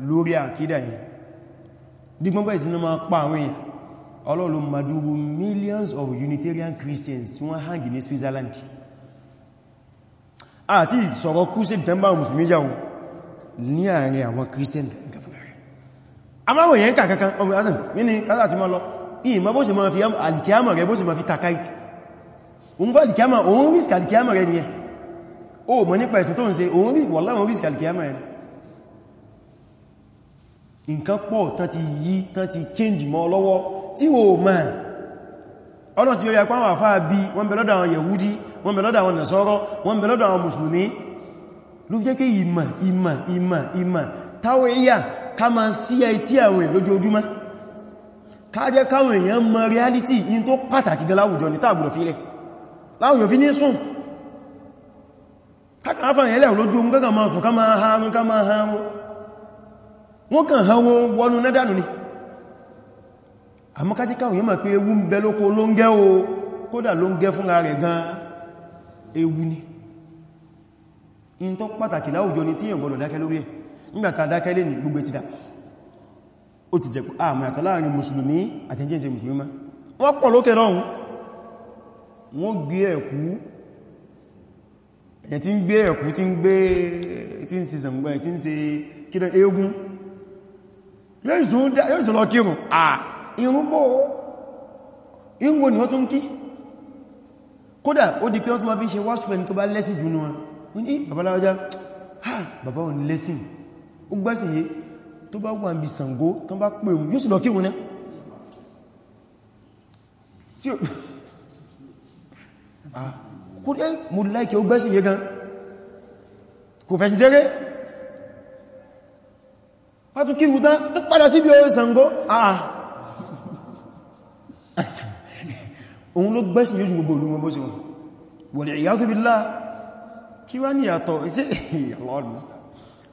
lórí àkídà yẹn dígbọ́n bẹ̀rẹ̀ sí ní máa pa millions of Unitarian Christians tí wọ́n hang ní Switzerland àti sọ̀rọ̀ crusade tẹ́mbà mùsùlùmí jáwó ní àárín àwọn Christians amáwò yẹn kà kankan ọmọ ìrásàn nínú kásà ti mọ́ lọ ìmọ́ bó ṣe mọ́ fi alìkíámọ̀ rẹ bó ṣe mọ́ fi takaiti òun fọ́ alìkíámọ̀ òun risk alìkíámọ̀ rẹ nìyẹn o mọ̀ nípa ẹ̀sìn tó ń ṣe òun rí wọ́láwọn risk alìkíámọ̀ rẹ nǹkan pọ̀ tán ti yí tán ti change mọ́ lọ́wọ́ tí o mọ̀ ọ̀nà tí ó yà pàwọn àfáà bí wọ́n bẹ lọ́dọ̀ àwọn yẹ̀húdí wọ́n bẹ lọ́dọ̀ àwọn nàṣọ́rọ́ wọ́n bẹ lọ́dọ̀ àwọn mùsùlùmí ló jẹ́ kí ìmọ̀ ìmọ̀ ìmọ̀ ìmọ̀ táwẹ̀ yà ka ma sí eti àwọn èèyàn lójoojúmọ́ ká jẹ́ káwọn èèyàn mọ̀ reality in tó pàtàkì gan láwùjọ ní tààgbùrọ̀ fílẹ̀ láwùjọ fi ní sùn káàkàáfàyàn ẹlẹ́ olójú ogun gẹ́gẹ́ máa sùn ká máa harun ká máa harun wọ́n kàn hàn wọn wọnú náà ni ewu tó pàtàkì ni tí dákẹ́ nígbàtà dákẹ́ lè ní gbogbo ti dà ó ti jẹ́ àmì àtọ́ láàrin mùsùlùmí àtẹ́jẹ́ mùsùlùmí wọ́n pọ̀ lókè lọ́hun wọ́n gbé ẹ̀kú ẹ̀yẹ tí ń gbé ẹ̀kú tí ń gbé tí ń ṣe zàmgbà tí ń ṣe kílẹ̀ eégún yóò ìsùn kírùn à irúgbó ingo ni wọ́n tún kí kódà ó di pé wọ́n tún ma fi ṣe wọ́sùfẹ́ ní tó bá lẹ́sìn jù ní wọn ní babaláwájá ha bàbá òun lẹ́sìn ó gbẹ́sìn yé tó bá wà ń bí Ṣàngó tó bá pè òun yóò sì lọ kírun náà <laughs> ah, kò dẹ́ mo láìkẹ́ ó gbẹ́sìn yé gan kò fẹ́ sí sẹ́rẹ́ pàtún kírun tán tó padà sí bí ọwọ́ Ṣàngó àà ah. <laughs> òun ló gbẹ́sìn yóò ju gbogbo olúwọ́n bó ṣe wọ́n wal iyadhu billah kí wá ní ìyàtọ̀ ìṣẹ́ ìyàlọ́ọ̀lùmùsítà <laughs>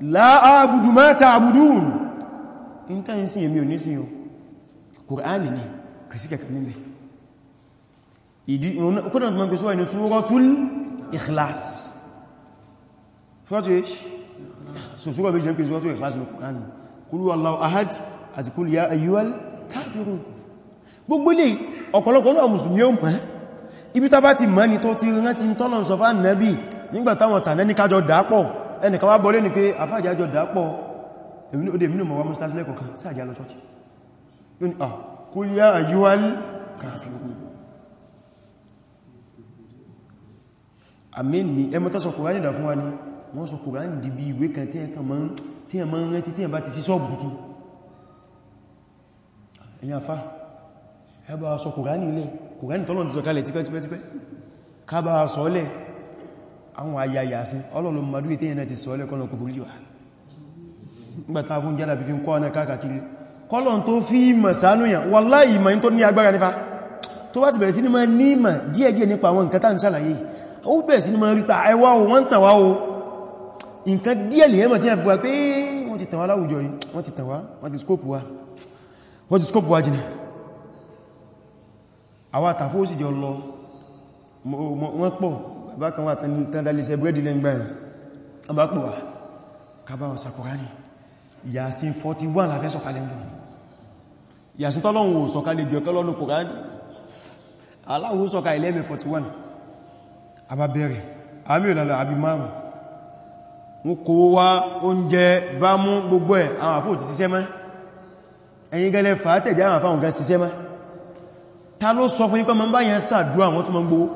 láàbùdù máa ta àbùdùn in ta yin sin èmi ò ní sí o kùránì ní kìsí kẹkẹrẹ níbẹ̀ ìdí kúrò náà gbèsè wà ní súrọ́tún ikhlas súrọ́tún ikhlas ní kùránì kúrò allahu ahad àti kúrò ya ayyuwal káfirun gbogbo lè ọ̀pọ̀lọpọ̀ náà musulmi ó mọ́ ibi ẹnìkan wá bọ́lé ní pé àfáàjájọ dápọ̀ òdè mínú mọ̀wá mọ́sílásí lẹ́kọ̀ọ́kan sáàjá lọ ṣọ́ọ̀ṣì kul ya ayyuhal kafirun àmín ni ẹmọ́ tásọ kùránì dà fún wa ní wọ́n sọ kùránì di bí ìwé kan tẹ́ẹ̀kan mọ́ tẹ́ẹ̀ mọ́ rántí tẹ́ẹ̀ bá ti sí sọ́ọ̀bù tuntun ẹ̀yà fa àwọn ayayà sí ọlọ́lọ́ mọ̀dú ìtẹ́ ẹ̀nà ti sọ lẹ́kọ́lọ́ kò fúrí wà nígbàtà fún jẹ́lá bí fi ń kọ́ ọ̀nà káàkiri kọ́lọ̀ tó fi mọ̀ sánúyàn wallahi ìmọ̀ tó ní agbára nífà tó bá ti bẹ̀rẹ̀ sí ní máa ní ìmọ̀ díẹ̀díẹ̀ nípa àwọn nǹkan tàbí sàlàyé ó bẹ̀rẹ̀ sí ní máa rípa ẹwà o wọ́n tàn wá o nǹkan díẹ̀ lè ẹmọ̀ tí a fi wà pé wọ́n ti tàn wá láwùjọ yìí wọ́n ti tàn wá wọ́n ti skópù wá wọ́n ti skópù wá jìnà àwọn àtàfó sì jọ lọ wọ́n pọ̀ bàbá kan wà tán dalẹ́sẹ̀ búrẹ́dì lẹ́gbẹ̀ẹ́ ọba pọ̀ wà kábàwọn sàkùránì yàsín 41 la fẹ́ sọ̀kalẹ̀ jọ yàsín tọ́lọ́run ò sọ̀kalẹ̀ jọ tọ́lọ́nù kùránì aláwọ̀ sọ̀ka 1141 àbábẹ̀rẹ̀ àmì ìlàlọ̀ àbí márùn ún kò wá oúnjẹ bá mú gbogbo ẹ̀ àwọn àfóò ti ṣiṣẹ́ mọ́ ẹ̀yin gẹ́lẹ́ fàátẹ̀jẹ́ àwọn àfáà gan ṣiṣẹ́ mọ́ ta ló sọ fún yín pé mọ́ bá yẹn sàdúrà wọ́n tún mọ́ gbogbo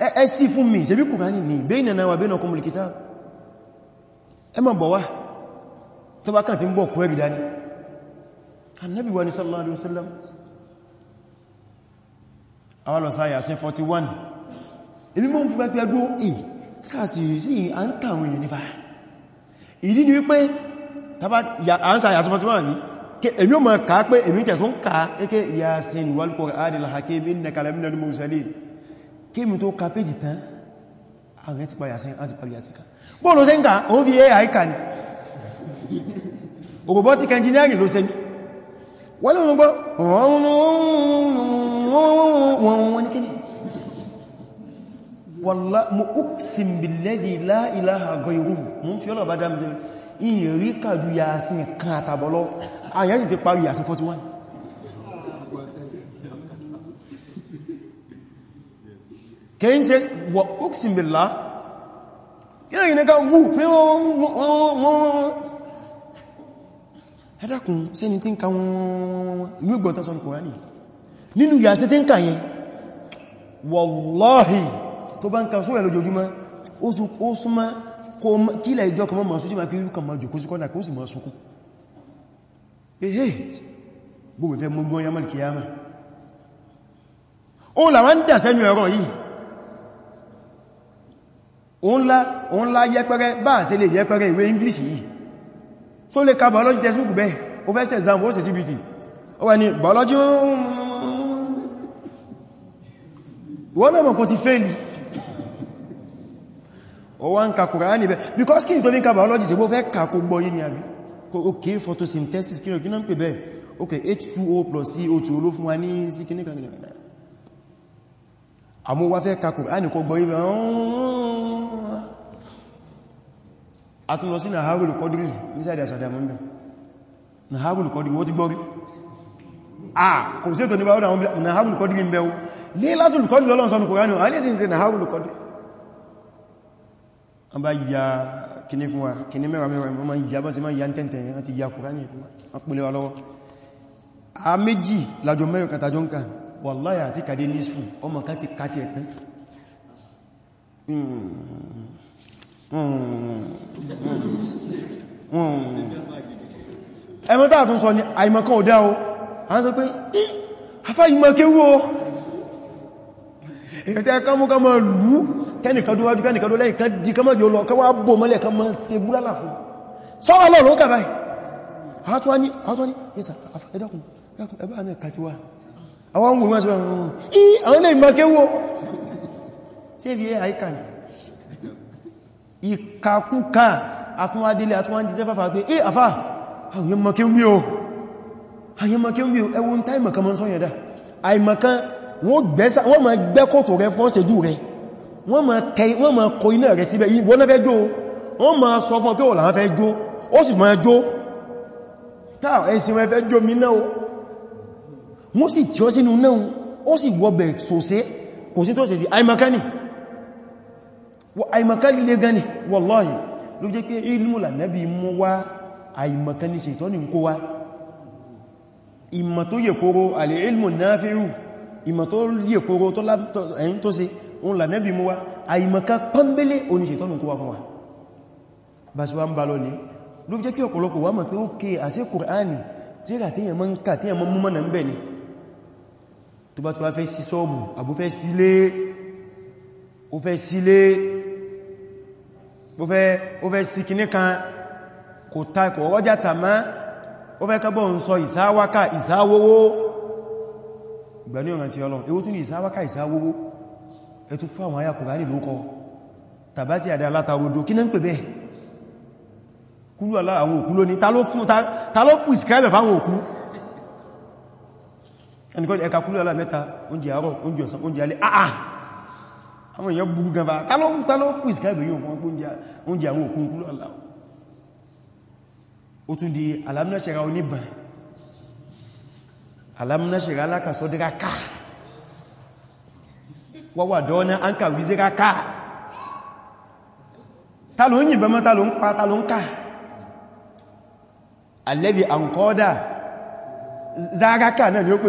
ẹ sí fún mi ṣe bí kùránì ní baynana wa baynakum al-kitab ẹ ma bọ̀ wá tó bá kàn tí ń bọ̀ kúrẹ́ gidani annabi wa ni sallallahu alaihi wasallam àwọn èmi ò mọ̀ ká pé èmi tẹ̀ tún ká ẹkẹ́ Yasin wal Qur'anil hakim innaka laminal mursalin kéèmì tó ka péjì tán àwọn ti parí àsíká àti parí àsíká bóòlù ṣe ń ká òun fi ai ká ní robotic engineering ló ṣe ní wọ́n lè rúgbọ́ wọ́n ní kíni wọ́lá mú uksim billadhi la ilaha ghayruhu mú fi ọlọ́bá dámdé ìyẹ̀rí kàjú yà sí kan àtàbọ̀lọ́ àyẹ́ sì ti parí yà sí 41 kẹ́yìn ṣe wọ òkìsìnbìlá yíò yìí nẹ́ka wù pé wọ́n ẹ́dàkùn sẹ́ni tí ń ka wọ́n inú ìgbọ̀ntá sọ Kùránì nínú yàṣẹ́ tí ń kà yẹn wọ́lọ́hì tó bá ń ka sóyẹ̀ lójoojúmọ́ ó súnmọ́ kílẹ̀ ìjọ kan mọ́ sójú ma kí irú kan ma jòkó síkọ́dà kó sì mọ́ sókún ehe gbogbo ìfẹ́ mọ́gbọ́n yamal kiyama ó làwọn dà sẹ́nu ẹ̀rọ yìí òunlá òunlá yẹpẹrẹ bá ṣe lè yẹpẹrẹ ìwé english yìí so lè ka biology textbook bẹ́ẹ̀ o fẹ́ ṣe exam o ṣe cbt o wà ní biology wọ́n náà mọ̀ kò ti fẹ́lì o wá ń ka Kùránì bẹ́ because kí n tó ní ka biology ṣe bó fẹ́ ka yìí ni àbí ok photosynthesis kí náà ń ok h2o plus co2 ló fún wa ní sí kíníkà àmúwáfẹ́ ka Kùránì kó gbọ́ yìí bẹ́ẹ̀ a tún lọ sí nàhárùlù kọdìrì ní sáàdì àsàdàmù ń bẹ̀ nàhárùlù kọdìrì wọ́n ti gbọ́rí ah kò sí ètò ní báwọ́dà àwọn nàhárùlù kọdìrì ń bẹ̀ ní látùlù kọdìrì lọ́lọ́n sọ́nù kòránù a lè sí ṣe nàhárùlù kọdìrì wọ́n bá ya kìní fún wa kìní mẹ́wàá mẹ́wàá wọ́n máa ya bá sí máa ya tẹ́ntẹ́ wọ́n ti ya kòránì fún wa pẹ̀lẹ̀ wa lọ́wọ́ a méjì lájọ mẹ́rin kàtàjọ ń kà wàláyà àti kàdé nísfù ọmọ kan ti kàtì ẹ̀tẹ́ ẹmọ́ tàà tún sọ ní àìmọ̀kọ́ ò dá o a ń sọ pé afá ìmọ̀kéwò èyàn tẹ́ ká mú ká mọ́ lú kẹ́nìkan dúwájú kẹ́nìkan dúwájú lẹ́yìn kan di kọmọ́ yóò lọ kọwà bò mọ́lẹ̀ kan mọ́ ṣe búlálà fún sọ́wọ́ lọ́rọ̀ kà báyìí àátúwání àátúwání yẹ́sà ẹ̀dọ́kùn ẹbá náà kàtíwá àwọn ohun ìwọ̀n sí àwọn ilé ìmọ̀kéwò tí èyí àìkà ìkàkúkà àtúnwádílé àtúnwádíṣẹ́ fàfà pé eh àfà àwọn mọ̀kí ń bí o àwọn mọ̀kí ń bí o ẹwọ́n táì mọ̀kan mọ́ sọ́yẹ̀dá àìmọ̀kan wọ́n ma gbẹ́kọ̀tọ̀ rẹ fọ́sẹ̀dú rẹ wọ́n ma kọ iná rẹ síbẹ̀ wọ́n fẹ́ jó wọ́n ma sọ fún pé ọ̀là fẹ́ jó ó sì ma jó táà ẹ̀sìn rẹ fẹ́ jó mi náà wọ́n sì tí ó sínú náà ó sì wọ́bẹ̀ sòsé kò sí tó sèsì àìmọ̀kan ni àìmọ̀kan lè gani wallahi ló jẹ́ pé ilmùlà náàbí mú wá àìmọ̀kan ní ṣètọ́ ní kó wá ìmọ̀ tó yẹ kóró alẹ́ ilmù náà fẹ́rù ìmọ̀ tó yẹ kóró tó ẹ̀yìn tó ṣe òun là náàbí mú wá àìmọ̀kan pọ́nbélé oní ṣètọ́ ní kó wá fún wa bá ṣe wá ń bá ó fẹ́ ó fẹ́ sí kìní kan kò ta kò rọ́jà tàmá ó fẹ́ kábọ̀ ń sọ ìsáwáká ìsáwówó ìgbà ní ọ̀ràn ti ọlọ́run ewó tún ní ìsáwáká ìsáwówó ẹ tún fún àwọn ayá kùránì lókọ tàbátí àdá alátarodó kí ní ń pè bẹ́ẹ̀ kúrú àwọn òkú lóní ta ló pù ìsìkáyẹ̀ àwọn èèyàn burú gan bá tálọ́ pìsìkáìbì yóò fún oúnjẹ àwọn òkun kúrò ọ̀la ó tún di alámúnáṣẹ́ra oníbàn alámúnáṣẹ́ra alákàsọ́díraka wọ́wà dọ́ọ́nà ánkà wízíraka tálọ́ ń yìnbọn mọ́ tálọ́ ń pa tálọ́ ń ká alẹ́bí àǹkọ́ọ́dà záraka náà ni ó pè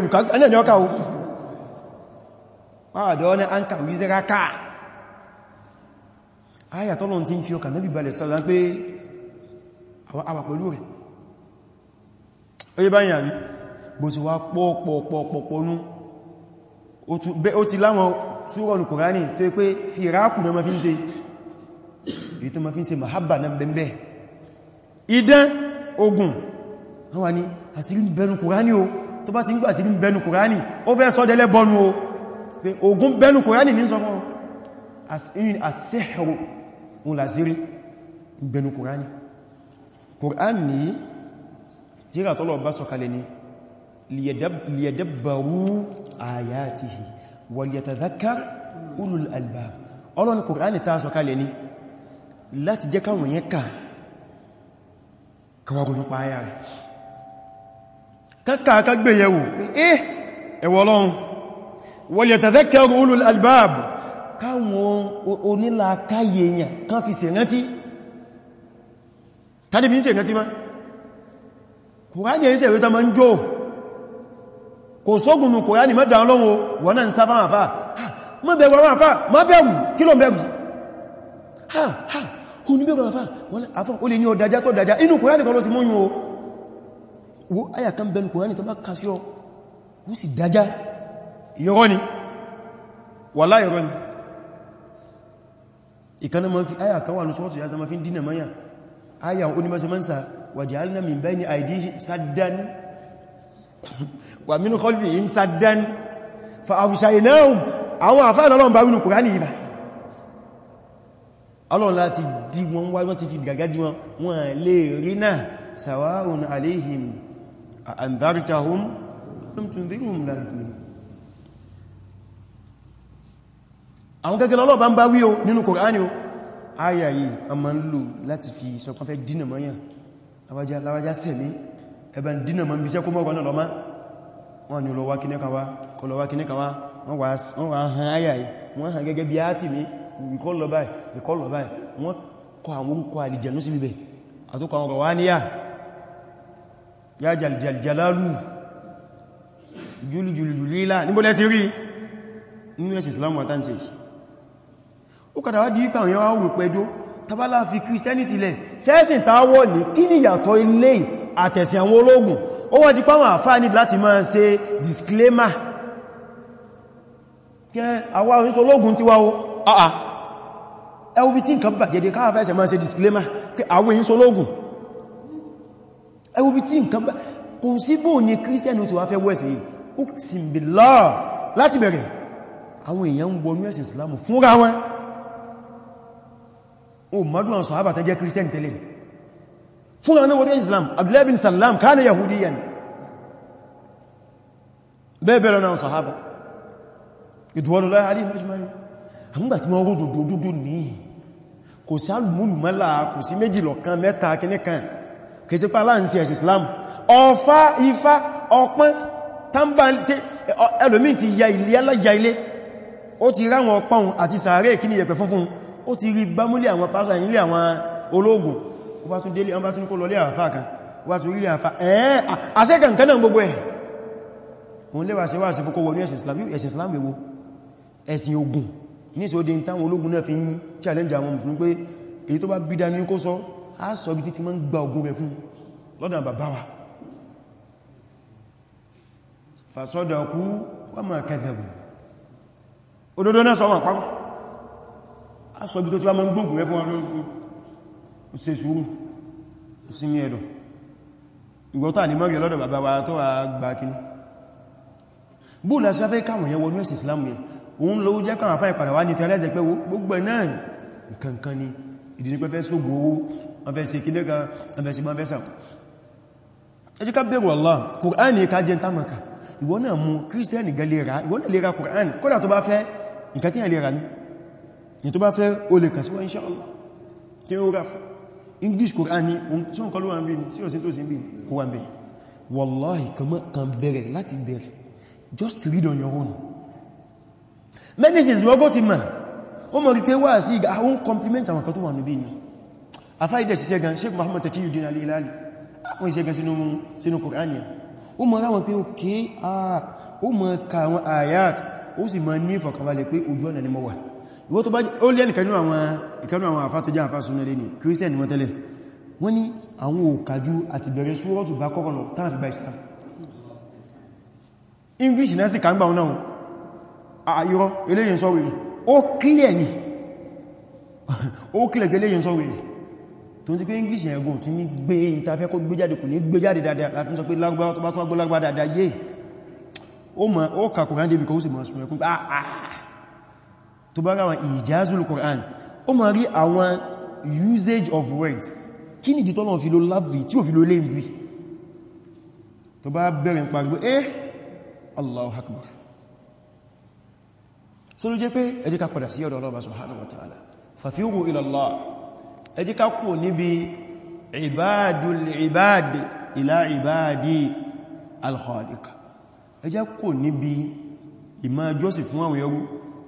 wà dọ́ọ́nà ánkà wízíraka ayà tọ́lọ́n ti ń fi ọkàn náà bíbalẹ̀ sọ́lá pé àwà pẹ̀lú rẹ̀ oye báyìí àrí bó ti wá pọ̀pọ̀pọ̀pọ̀nú ó ti láwọn súrọ̀nù kòránì tó pé fi ráàkù náà ma fi ń ṣe èyí tó ma fi ń ṣe mahabba náà bẹ̀m̀bẹ̀ idán ogun wọ́n wà ní àsìrí bẹnu kòránì o tó bá ti ń gbà àsìrí bẹnu kòránì ogun bẹnu kòránì ní sọ fún àsìrí ń làzírí ìbẹnu kùránì kùránì tíra tọ́lọ̀ bá sọ̀kalẹ̀ ni liyadabbaru ayatihi wa liyatadhakkar ulul albab ọlọ́ni kùránì ta sọ̀kalẹ̀ ni láti jẹ́ káwọn yẹn ká kọwàrùn nípa ayá rẹ̀ kákà kágbẹ̀yẹ̀wò eh ẹ̀wọ̀ ọlọ́run ulul albab káwọn onílà káyè èèyàn kan fi ṣèrántí tàbí fi ń ṣèrántí má kùránì ẹ̀yìn sẹ̀rẹ́ta ma ń jò kò sógùnù kùránì mẹ́dà ọlọ́wọ́ wọ́n náà ń sá fáwọn àfáà má bẹ̀rù àwọn àfáà má bẹ̀rù kí ló bẹ̀rù ha ha ó ní bẹ̀rù àfáà wọ́n àfáà ó lè ní ọ̀dájá tó dájá inú kùránì kan ló ti mú yún o wo áyà kan bẹ̀rù kùránì tó bá kà sí ọ ó sì dájá ìrọ́ ni wàlá ìrọ́ ni ìkaná ma fi áyà kan wà ní sọ́tù yásá ma fi dínà mayà áyà onímọ́sí mọ́nsá wà jẹ́ alìna min bayni saddan wà min khalfihim saddan fa abshaynahum àwọn àfáànà ọlọ́run bá wínú kòránì ìlà ọlọ́run láti dí wọn wá wọ́n ti fi gàgá dí wọn la àwọn gẹ́gẹ́ lọ́lọ́ bá ń bá wí o nínú Kùránì o ayà yìí a ma ń lò láti fi sọpán fẹ́ dínà mọ́ yàn láwájá sẹ̀mí ẹbà dínà mọ́ bí sẹ́ kó mọ́gbọ́n náà lọ́má wọ́n ni mi ìkọ́ lọ báyìí ìkọ́ lọ báyìí wọ́n kọ àwọn ń kọ àlìjẹ̀nú sí bíbẹ̀ àtúkọ àwọn ọ̀rọ̀ wá níyà yá jàlìjàlálù júlìjúlìjúlìlá níbo ẹ̀sìn Islam wà tán sí ó kàdà wá di wípé àwọn yẹn wá wù pẹjọ́ tàbálá fi christianity lẹ̀ sẹ́ẹ̀sìn tàwọ́ ní kí ni yàtọ̀ ilé àtẹ̀sìn àwọn ológun ó wá di páwọn àfáà ní láti máa ṣe disclaimer kẹ́ àwa oníṣẹ́ ológun ti wá o àà ẹwùbí tí nǹkan bàjẹ́dẹ̀ káwà fẹ́ disclaimer kẹ́ àwọn oníṣẹ́ ológun ẹwùbí tí nǹkan bàjẹ́ kò síbò ní christianity ti wá fẹ́ wẹ́sì yìí ó sì ń bí láà láti bẹ̀rẹ̀ àwọn èèyàn ń wọnú ẹ̀sìn islam fúnra wọn o madu an sahaba ta jẹ́ christian tẹ́lẹ̀ fún àwọn wọ́n islam abdullahi bin salam kana yahudiyan bẹ́ẹ̀ bẹ̀rẹ̀ náà sahaba ìdúwọ́lọ́lá alì majmai àmúgbà tí wọ́n ròdò dòdòdò ní kò sí alùmúlùmọ́lá kò sí méjìlọ̀kan mẹ́ta kìnnìkan kì í sí pàlá ń sí ẹ̀sì islam ọfá ifá ọpán tàbí ẹlòmí ti ya ilé alájá ilé ó ti ráwọn ọpán àti sàárẹ̀ kí ni yẹ̀pẹ̀ ó ti rí bámúlé àwọn pásá nílé àwọn ológun ó bá tún délé ọba tún kó lọlé àfá kan ó bá tún rí àfá ẹ̀ẹ́ àṣẹ́kàn kanáà gbogbo ẹ̀ wọ́n lẹ́wà sí wáṣẹ́ fún kọwọ́ ní ẹ̀sìn Islam ẹ̀sìn Islam èwo ẹ̀sìn ogun ní ìsòdí táwọn ológun náà fi ń challenge àwọn mùsùlùmí pé èyí tó bá bí dání kó sọ á sọ bí títí mọ́ ń gba ogun rẹ̀ fún lọ́dọ̀ bàbá wa fàṣọ́dọ̀ kú wọ́n mọ̀ kẹ́dẹ̀bù òdodo náà sọ wọn pápọ̀ aṣọ ibi tó ti wá mọ́ gbógun rẹ fún ọlọ́run ṣe sùúrù sí ní ẹ̀dọ̀ ìgbọ́ta ní mọ́rí ọlọ́dọ̀ bàbá wa tó wà gbà kíní bóòlù aṣáfẹ́ káwọn yẹn wọnú ẹ̀sìn Islam yẹn òun ló jẹ́ káwọn afá ìpadà wá ní tẹ́lẹ́sẹ̀ pé gbogbo náà nǹkankan ni ìdí ni pé fẹ́ sógun owó wọ́n fẹ́ ṣe kílé kan wọ́n fẹ́ ṣe gbọ́n fẹ́ sàn ẹ jẹ́ ká bẹ̀rù Allah Qur'an ni ká jẹ́ tamaka ìwọ náà mú kírísítẹ́nì gan lè ra ìwọ náà lè ra Qur'an kódà tó ní tó bá fẹ́ o lè kàn sí wọ́n inṣáàlá tí ó ráfù english koran ni tí ó ń kọlu wọn bí ní sí òsìn tó sí bí ó wà bẹ̀rẹ̀ wallahi kan bẹ̀rẹ̀ láti bẹ̀rẹ̀ just read on your own medicines wọ́gọ́ ti ma ó mọ̀ rí pé wà sí ìgbà àwọn compliment àwọn kan tó wà níbi ni afáìdẹ̀ ṣiṣẹ́ gan sheik muhammad takiyuddin al-Hilali àwọn iṣẹ́ gan sínú koran ni ó mọ̀ ráwọn pé okay ah, ó mọ̀ ka àwọn ayat ó sì mọ̀ ní ìfọ̀kànbalẹ̀ pé ojú ọ̀nà ni mo wà ìwọ́n tó bá ó lé ẹnìkanú àwọn ìkanú àwọn àfá tó jẹ́ àfá súnà lé ní kírísítẹ̀nì wọ́n tẹ́lẹ̀ wọ́n ní àwọn òkàjú àti bẹ̀rẹ̀ súwọ́tù bá kọ́kọ́ lọ tánàfi bá Islam English náà sì ká ń gbà náà àyírọ́ eléyìn sọ́wé ó kílẹ̀ ní <laughs> ó kílẹ̀ gẹ́ eléyìn sọ́wé tó ń ti pé English ẹ̀gùn tí ní gbé ìntafẹ́ kó gbé jáde kò ní gbé jáde dáadáa láfin sọ pé lágbára tó bá tún agbólágbá dáadáa yé ó kàkùrán débi kọ́ ó sì mọ̀ sún ẹkùn pé àà ah, ah, ah tó bá ráwọn ìjázùl Qur'an ó ma rí àwọn usage of words kí ni dìtọ́lọ̀ fi lo láàfí tí ò fi lo léèmì tó bá bẹ̀rẹ̀ pàgbé eh Allahu Akbar so ló jẹ́ pé ẹ jẹ́ ká padà sí ọ̀dọ̀ Allah subhanahu wa ta'ala fafiru ila Allah ẹ jẹ́ ká kò níbi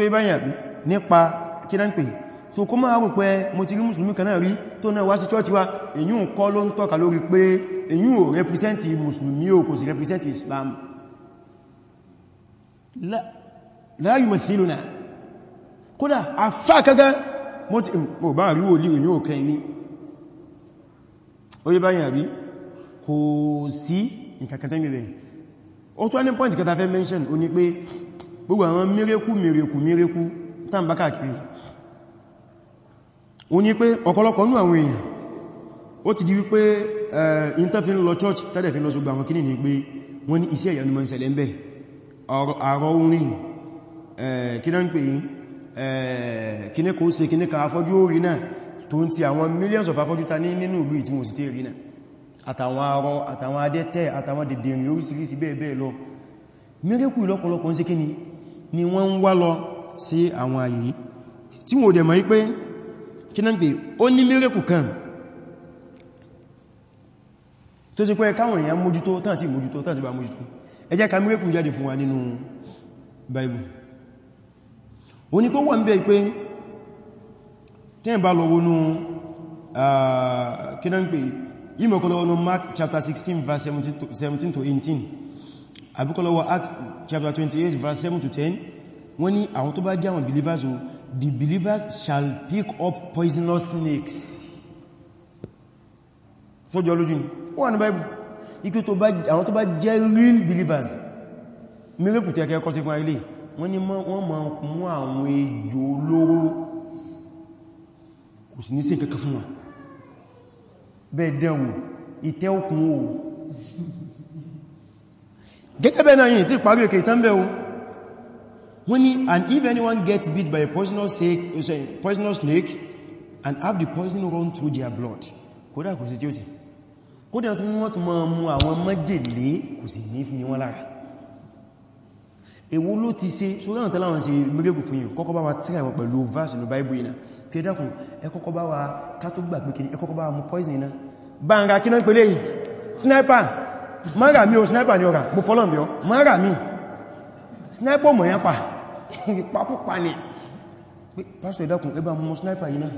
so ibá yàbí nípa kíná ń pè so kó máa rò pé mo ti rí mùsùlùmí kan rí tó náà wá sí chọ́ọ̀tí wa èyí ń kọ́ ló ń tọ́ka lórí pé èyí ò represent mùsùlùmí ò kò sí rẹpìsẹ́ntì Islam la yumathiluna kódà afá kankan mo ti mo bá rí wòlí èyí ò kẹ́ ní ó yẹ báyìí àbí kò sí nǹkan kan tẹ́ gbogbo àwọn mírèkú mírèkú mírèkú tán bá káàkiri o ní pé ọ̀kọ́lọ́kọ́ ní àwọn èèyàn ó ti di wípé ìntàfin lọ church tẹ́lẹ̀ fi lọ ṣùgbọ́n àwọn kìnnì ní pé wọ́n ní iṣẹ́ ìyanu mọ́ ìṣẹ̀lẹ̀ ń bẹ̀ àrọ̀ orin kí náà ń pè millions of afọ́jú ta ní nínú ìlú ìtí wọ́n sì tí rí náà àtàwọn arọ àtàwọn adẹ́tẹ̀ àtàwọn dẹ̀dẹ̀rin orísìírísìí bẹ́ẹ̀ bẹ́ẹ̀ lọ mẹ́rẹ́kù ìlọ́pọ̀lọpọ̀ ń ṣe kíní ni wọ́n ń wá lọ sí àwọn àyè tí wọ́n dẹ̀ mọ̀ wípé kí náà gbé ó ní mẹ́rẹ̀kù kan tó sì pé káwọn èèyàn mójútó tán àti mójútó tán àti bá mójútó ẹ jẹ́ ká mẹ́rẹ̀kù jáde fún wa nínú Bible ó ní pé wọ́n ń pé tí Mark chapter 16 verse 17 to 18 àbíkọ́lọ́wọ́ Acts chapter 28 verse 7 to 10 wọ́n ní àwọn tó bá jẹ́ àwọn believers o the believers shall pick up poisonous snakes sójọ́ lójú ní ó wà ní Bible ikú àwọn tó bá jẹ́ real believers miracle tí a kẹ́kọ́ sí fún ilé wọ́n ní wọ́n ma mú àwọn ejò olóró kò sí ní sí kẹ́kẹ́ fún wọn bẹ́ẹ̀ dẹ̀wò ìtẹ́ òkun gẹ́gẹ́ bẹ́ẹ̀ náà yìí tí parí èkè ìtànbẹ̀ o wọ́n ni and if anyone gets bit by a poisonous snake, eh, sorry, poisonous snake and have the poison run through their blood kódà kò sí tí ó sì kódà tún wọ́n tún máa mú àwọn májèlé kò sí ní fi wọ́n lára èwo ló ti ṣe ṣúgbọ́n àwọn tẹ́láwọn ṣe mẹ́rẹ́gù fún yìí kọ́kọ́ bá wa tíra wọn pẹ̀lú verse ní Bible yìí náà pé dákùn ẹ kọ́kọ́ bá wa ká tó gbà pé kí ní ẹ kọ́kọ́ bá wa mú poison náà bá ń ra kí náà pẹ̀lẹ́ yìí sniper mara mi o sniper ni ọ̀rà mo fọ́lọ̀ ọ mi sniper mọ̀ yán pa pàkúpa <laughs> ni pásọ̀ ìdákùn ẹbá mọ́ sniper yìí náà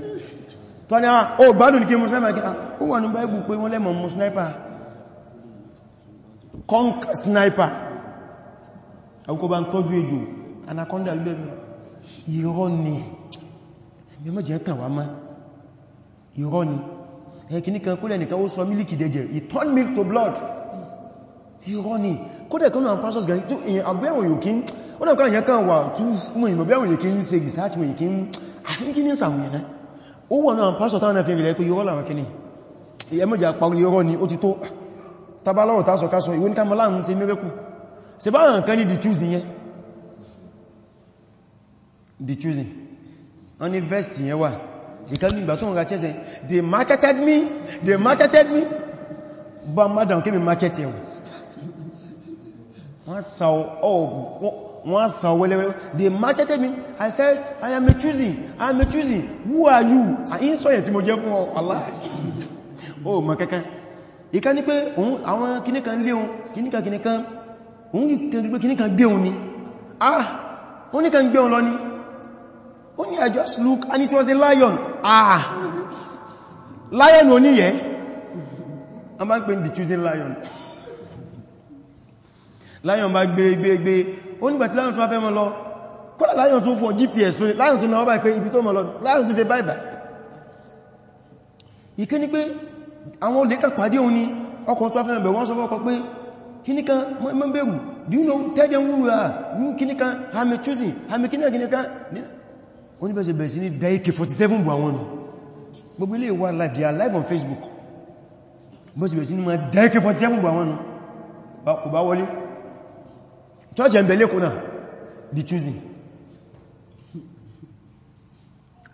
tọ́ ní ah, àwọn o gbádùn kí mọ́ sniper kíkà ah, ó wà ní báìbù pé wọ́n lẹ́mọ̀ mọ́ sniper sniper ni ẹ̀kìníkan kó lẹ́nìkan ó sọ mílìkì irọ́ ni kódẹ̀ kan náà pastors gan tó èyàn abẹ́wọ̀n yóò kí ń ó náà káàyàn kan wà tó mú ìmọ̀ bẹ́wọ̀n yóò kí ń ṣe research mú ìkí ń àríkí ní sàwọn ó wọ́n náà pastors táwọn náà fi rẹ̀ pé irọ́ làwọn kíní ẹmọ́jà parí irọ́ ni ó ti tó tabalọ́wọ̀ tásọ kásọ ìwé ní choosing yẹn the choosing wọ́n ní vest yẹn wà ìkan ní ìgbà tó ń ra chẹ́sẹ̀ they macheted me they macheted me bá mádàn kí mi machete ẹ̀wọ̀ wọ́n sàn wẹ́lẹ́wẹ́lẹ́ they matched me i said i am a choosing i am a choosing who are you in sọ́yẹ̀ tí mo jẹ́ fún Allah o mọ̀ kankan ìká ní pé àwọn kìníkan léun kìníkan kìníkan òun kìí pé kìníkan gbéun ni ah ó ní kan gbéun lọ ni ó ní i just look and it was a lion ah lion ò ní yẹ́ a máa ń pè ní the choosing lion láyọ̀n bá gbé gbé gbé ó nígbà tí láyọ̀n tún afẹ́ mọ́ lọ kọ́lá láyọ̀n tún fọ́ gps lórí láyọ̀n tún náà bá pé ibi tó mọ́ lọ láyọ̀n tún ṣe báìbà ìké ní pé àwọn olè kàpàdé òun ni ọkọ̀ tún afẹ́ mọ́ wọ́n sọ fọ́kọ pé kíníkan mọ́ bẹ̀rù do you know tell them who you are you kíníkan hami choosing hami kíníkan kíníkan ó ní bu àwọn nù gbogbo ilé wà they are live on Facebook bọ́sẹ̀ bẹ̀sẹ̀ ní ma daik 47 bu àwọn nù kò bá wọlé church ẹ̀mbẹ̀ lẹ́kùn náà di tuesday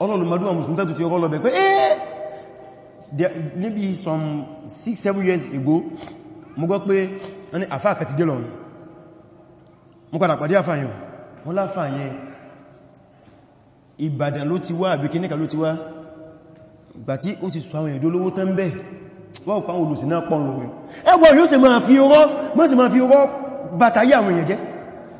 ọlọ́run madúwà musulmi tàbí ti ọkọ́ pé eh níbi some six, seven years ago mo gbọ́ pé wọ́n ni àfáà kàti dé lọ́run mo padà pàdé àfààyàn wọ́n láfààyàn ìbàdàn ló ti wá àbí ló ti wá gbàtí ó ti sọ àwọn èdè bàtàyí àwọn èèyàn jẹ́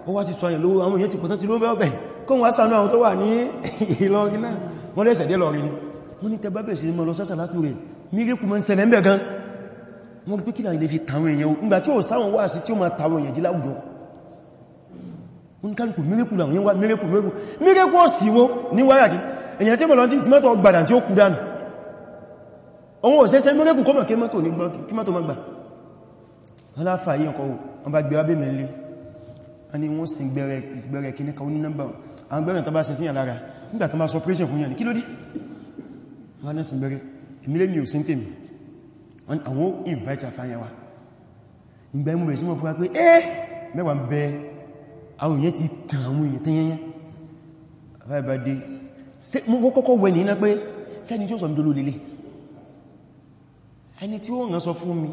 ó wá ti sọ àyàn lówó àwọn èèyàn ti pọ̀tán sí lówó bẹ́ẹ̀ kó wá ṣàánú àwọn tó wà ní <laughs> Ìlọrin náà wọ́n lẹ́sẹ̀ dé lọ́rin ni wọ́n ní tẹbàbẹ̀ sí mọ́ lọ sásà látú rẹ̀ míríkù mọ́ ń ṣẹlẹ̀ ń bẹ̀ gan wọ́n pé kí láì lè fi tàwọn èèyàn ńgbà tí ó sáwọn wá sí tí ó máa tàwọn èèyàn jí láwùjọ wọ́n kálùkù míríkù làwọn yẹn wá míríkù míríkù míríkù ọ̀sìwó ní wáyàkí èèyàn tí mọ̀lọ́n tí mọ́tò gbàdàn tí ó kú dànù òun ò sẹ́sẹ́ míríkù kọ́mọ̀ kí mọ́tò ní gbọ́n kí mọ́tò yí ọkọ̀ wọ́n bá gbé wá bèèmẹ̀ lé a ní wọ́n sin gbẹ̀rẹ̀ kí ní kan ní nọ́mbà àwọn gbẹ̀rẹ̀ tàbá sin síyàn lára nígbà tàbá sọ pẹ́ṣẹ̀ fún yàn kí ló dé wọ́n náà sin gbẹ̀rẹ̀ emílé mi ò sin tèmi àwọn invite àfáyàn wa ìgbà imú bẹ̀rẹ̀ sí mọ́ fúra pé ẹ́ mẹ́wàá ń bẹ àwọn èèyàn ti tàn àwọn èèyàn tán yẹnyẹn àfáyà bá dé mo kọ́kọ́ wẹ̀ ní iná pé sẹ́ni tí ó sọ mi dolólele ẹni tí ó ràn sọ fún mi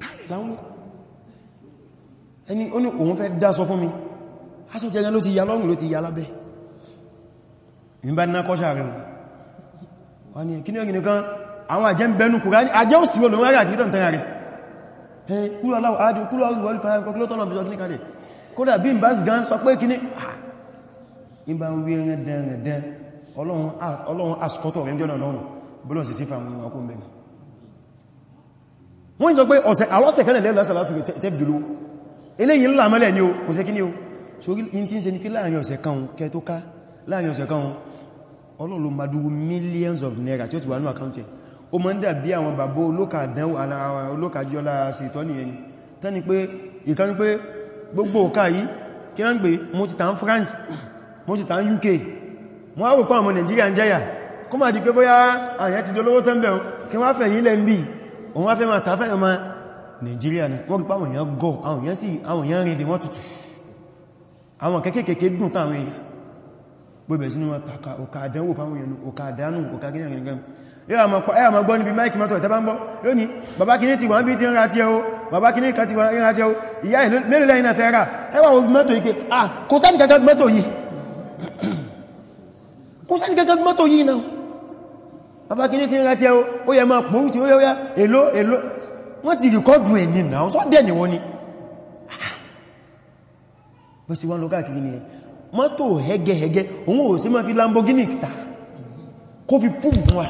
tààrí láwọn ẹni ó ní òun fẹ́ dáṣọ fún mi aṣọ jẹrẹ ló ti ya lọ́rùn ló ti ya lábẹ́ mi bá ní kọ́ṣà rẹ̀ wọ́n ni kí ní ọ̀gìn nìkan àwọn àjẹ́ ń bẹnu kùrá ní àjẹ́ ò síwọ́ lórí àjẹ́ ìtàn tẹ́ra rẹ̀ kúrò aláwọ̀ ájú kúrò ájú wọ́n fara kọkílọ́ tọ́nà bí ọdún kalẹ̀ kódà bí ìbá sì gan sọ pé kí ní ìbá ń wí ẹran dán rẹ̀ dán ọlọ́run àwọn ọkùnrin bẹ̀rẹ̀ wọ́n jọ ọ̀sẹ̀ alọ́sẹ̀ kẹ́lẹ̀ lẹ́lọ́sẹ̀ látò tẹ́bìdìlú eléyìí ńlá mọ́lẹ̀ ni o kò sẹ́kí ní o sórí in tí ń ṣe ní kí láàrin ọ̀sẹ̀ kan kẹ tó ká láàrin ọ̀sẹ̀ kan ọlọ́lọ́ madúrú millions of naira tí ó ti wà ní àkáǹtì o mọ́ ń dà bí àwọn bàbá olóka dánwò olókàjọ́lá ṣètọ́ nìyẹn tẹ́ni pé ìkan pé France mo ti UK mo á rò pọ́ àwọn Nàìjíríà ń jẹ́yà kó má di pé bóyá àyà ti dolówó Nigeria ni wọ́n gbá àwọn èèyàn gọ́ àwọn èèyàn sí àwọn èèyàn rìn dè wọ́n tutù àwọn kẹ́kẹ́kẹ́kẹ́ dùn táwọn èèyàn gbogbo ẹ̀sìn wọn tàkà ọ̀kà àdánwò fáwọn èèyàn ọ̀kà àdánù ọ̀kà gẹ́gẹ́gẹ́gẹ́ yóò àmà gbọ́ níbi máìkì mọ́tọ̀ ìtàbá ń bọ́ yóò ní bàbá kìíní ti wọ́n bí ti ń ra tí ẹ o bàbá kìíní kan ti wọ́n ra tí ẹ o ìyá mélòó lẹ́yìn náà fẹ́ rà ẹwà wo mọ́tò yìí pé ah kò sáàdì kankan mọ́tò yìí <clears throat> kò sáàdì kankan mọ́tò yìí náà bàbá kìíní ti ń ra tí ẹ o ó yẹ ó yẹ èlò èlò wọ́n ti rìkọ́dù ẹni náà sọ́ dẹ̀ ni wọ́n ni bó sì wá lọ káàkiri ni mọ́tò hẹ́gẹ́hẹ́gẹ́ òun ò sí máa fi Lamborghini ta kó fi púpù fún wa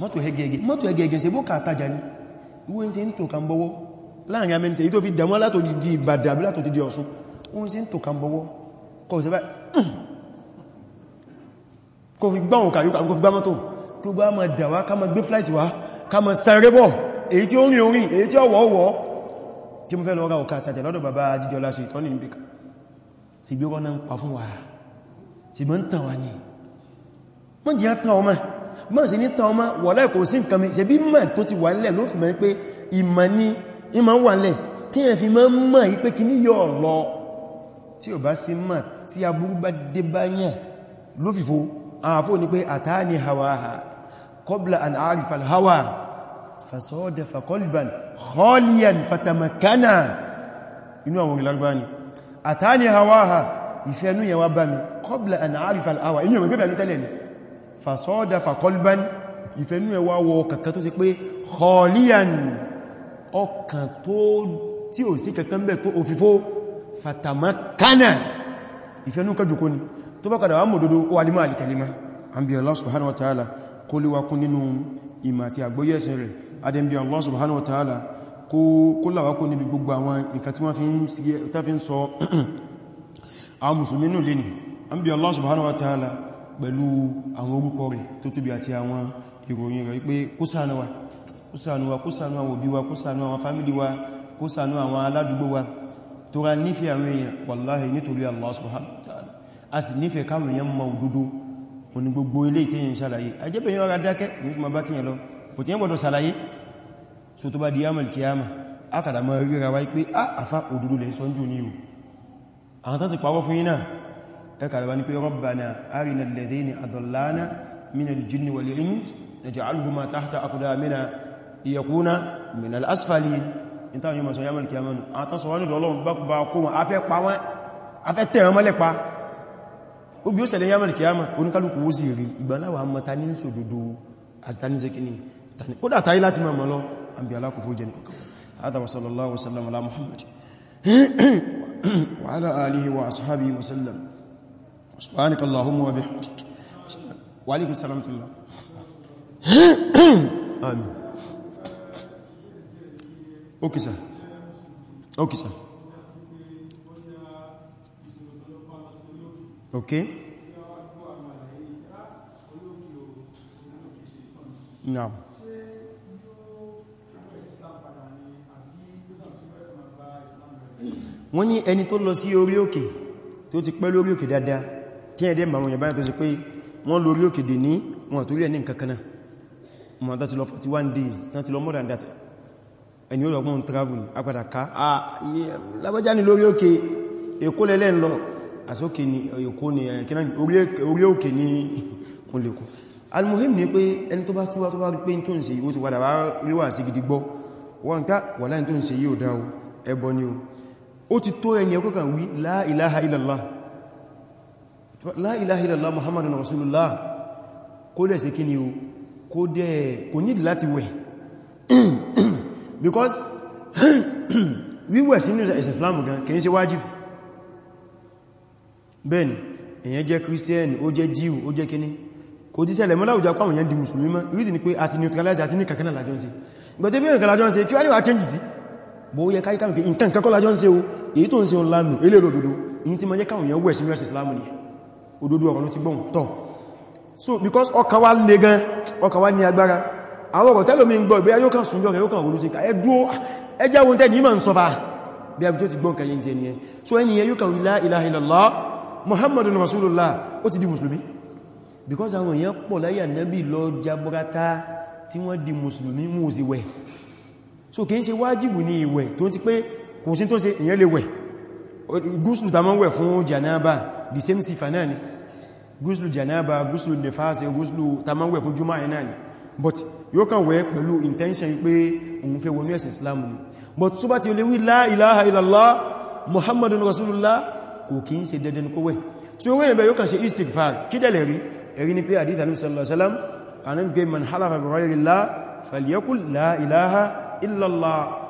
mọ́tò hẹ́gẹ́hẹ́gẹ́ mọ́tò hẹ́gẹ́hẹ́gẹ́ ṣe bó kàtàjà ni ìwé ń ṣe ń tò kàn bọ́wọ́ láàrin amẹ́nisẹ̀ yí tó fi di di Ọ̀ṣun ó ń ṣe ń tò kàn bọ́wọ́ kọ́ sí báyìí kó fi gbáhùn kàrí kó fi gbá mọ́tò kí ó bá máa dà ká máa gbé flight wá ká máa sáré èyí tí ó rìn orin èyí tí ó wọ́wọ́ kí mo fẹ́ lọ ra ọ̀ká àtàjẹ̀ lọ́dọ̀ bàbá jíjọlá ṣe ìtọ́ni níbìkà sí bí wọ́n náà ń pa fún wa sí bí ń tàn wá ní mọ́ jẹ́ tàn ọmọ mọ́ sí ní tàn ọmọ wà láì kò sí nǹkan mi ṣe bí mọ̀ tó an arifal hawa فصادف قلبا خاليا فتمكنا inú àwọn gilagba ni atani hawaha ifenu ya wabami qabla an arifa al-awa inú mebe fenu tẹ́lẹ̀ ni fasadafa qalban ifenu ya wawo kankan tó ṣe pé khaliyan ọkàn tó tí ó sì kankan be tó òfìfo fatamakkana ifenu ka joko ni tó bá kada àti àgbóyẹ̀sìn rẹ̀ adẹ́mbí Allah subhanahu wa ta'ala kó làwá kó níbi gbogbo àwọn nǹkan tí wọ́n fi ń sọ <clears throat> àwọn musulmi nù lè ní an bí Allah subhanahu wa ta'ala pẹ̀lú àwọn orúkọ rẹ̀ tó tóbi àti àwọn ìròyìn rẹ̀ pé kó ṣàánú wa kó ṣàánú wa kó ṣàánú àwọn òbí wa kó ṣàánú àwọn fámílì wa kó ṣàánú àwọn aládùgbò wa tó ra nífẹ̀ẹ́ gbogbo ilé ìtẹ́yìn ṣàlàyé ajẹ́bẹ̀yàn ara dákẹ́ ní fún ma bá kíyàn lọ kò tí yẹn gbọdọ̀ sàlàyé so tó bá di yamal kiyama akàdà mọ́ ríra wáyé pé a ah, àfá òdúdó lè sọ jù ní o àwọn tán sì pàwọ́ fún yínà ẹkàdà wá ní pé rabbana arina alladhina adallana minal jinni wal ins naj'alhuma tahta aqdamina yamal kiyama nù àwọn tán sọ wọ́n ní dọ́lọ́run bá bá kó kódà tàí láti mọ̀ lọ àbí alákòfó jẹ́ nìkọ̀kọ̀ هذا وصلى الله وسلم على محمد وعلى آله وأصحابه وسلم سبحانك اللهم وبحمدك وعليكم السلام ورحمة الله آمين Okay sir Okay sir Okay Naam no. wọ́n ní ẹni tó lọ sí orí òkè tó ti pẹ́ lórí òkè dáadáa kí ẹ̀dẹ́ ma wọ́n yẹ̀báyà tó sì pé wọ́n lórí òkè dè ní wọn tó rí ẹni kankaná wọn tó ti lọ 41 days tán ti lọ more than that ẹni ó lọ́gbọ́n travel apadà ká ah, lábájá ni lórí òkè èkó lẹ́lẹ́ ń lọ àsókè ni èkó ni eh, orí òkè ni olèkó <laughs> almuhim ni pé ẹni tó bá túwá tó bá rí pé tó ń ṣe yíó ti padà wá ríwà sí gidi gbọ́ wọ́n ká wà láì tó ń ṣe yíó dáa ẹbọ ni o ó ti tó ẹni ẹkọ́ kan wí la ilaha illallah la ilaha illallah muhammadun rasulullah kó dẹ̀ sí kí ni o kó dẹ̀ kò ní láti wẹ̀ <clears throat> because <clears throat> wíwẹ̀ sínú ẹ̀sẹ̀ islamu gan kìí ṣe wájìbù bẹ́ẹ̀ni èyàn jẹ́ kírísíẹ̀nì ó jẹ́ jíù ó jẹ́ kíní kò tí ṣẹlẹ̀ mọ́lá òjá pàwọn èyàn di musulmi mọ́ reason ni pé àti neutralize àti ní kankaná lájọ́ ń ṣe ìgbẹ̀tẹ́ bí nǹkan lájọ́ ń kí wá ní wá change sí bó yẹ káyíká nǹkan kọ́lájọ́ ń o èyí tó ń ṣe ọlánù ilé òdòdó èyí tí ma jẹ́ káwọn èèyàn wẹ̀ sí mẹ́sì islamu ni òdòdó ọ̀rọ̀ ti gbọ́n tọ́ so because ọkà wá le gan ọkà wá ní agbára àwọn ọ̀rọ̀ tẹ́lómi ń gbọ́ ìgbé yóò kàn súnjọ́ rẹ̀ yóò kàn olóṣèkà ẹdúó ẹjá wọn tẹ́ni ma ẹ so ẹni yẹ yóò kàn la ilaha illallah muhammadun rasulullah ó ti because àwọn èèyàn pọ̀ láyà nẹ́bì lọ jaburata tí wọ́n so kìí ṣe wájìbù ní ìwẹ̀ tó ti pé kò sí tó ṣe ìyẹn lè wẹ̀ gúúsùlù tàmọ́ wẹ̀ fún janaba the same sifa náà ni gúúsùlù janaba gúúsùlù nefasi gúúsùlù tàmọ́ wẹ̀ fún juma náà ni but yóò kàn wẹ̀ pẹ̀lú intention pé òun fẹ́ wọnú but tó bá ti lè wí la muhammadun rasulullah kò kí ń ṣe dandan kó wẹ̀ tí ó wẹ́yìn bẹ̀ yóò kàn ṣe istighfar kí dẹ̀lẹ̀ rí ẹ̀rí ni pé àdíta ní sallallahu alaihi wasallam anan illallah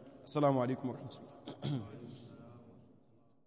السلام عليكم ورحمة الله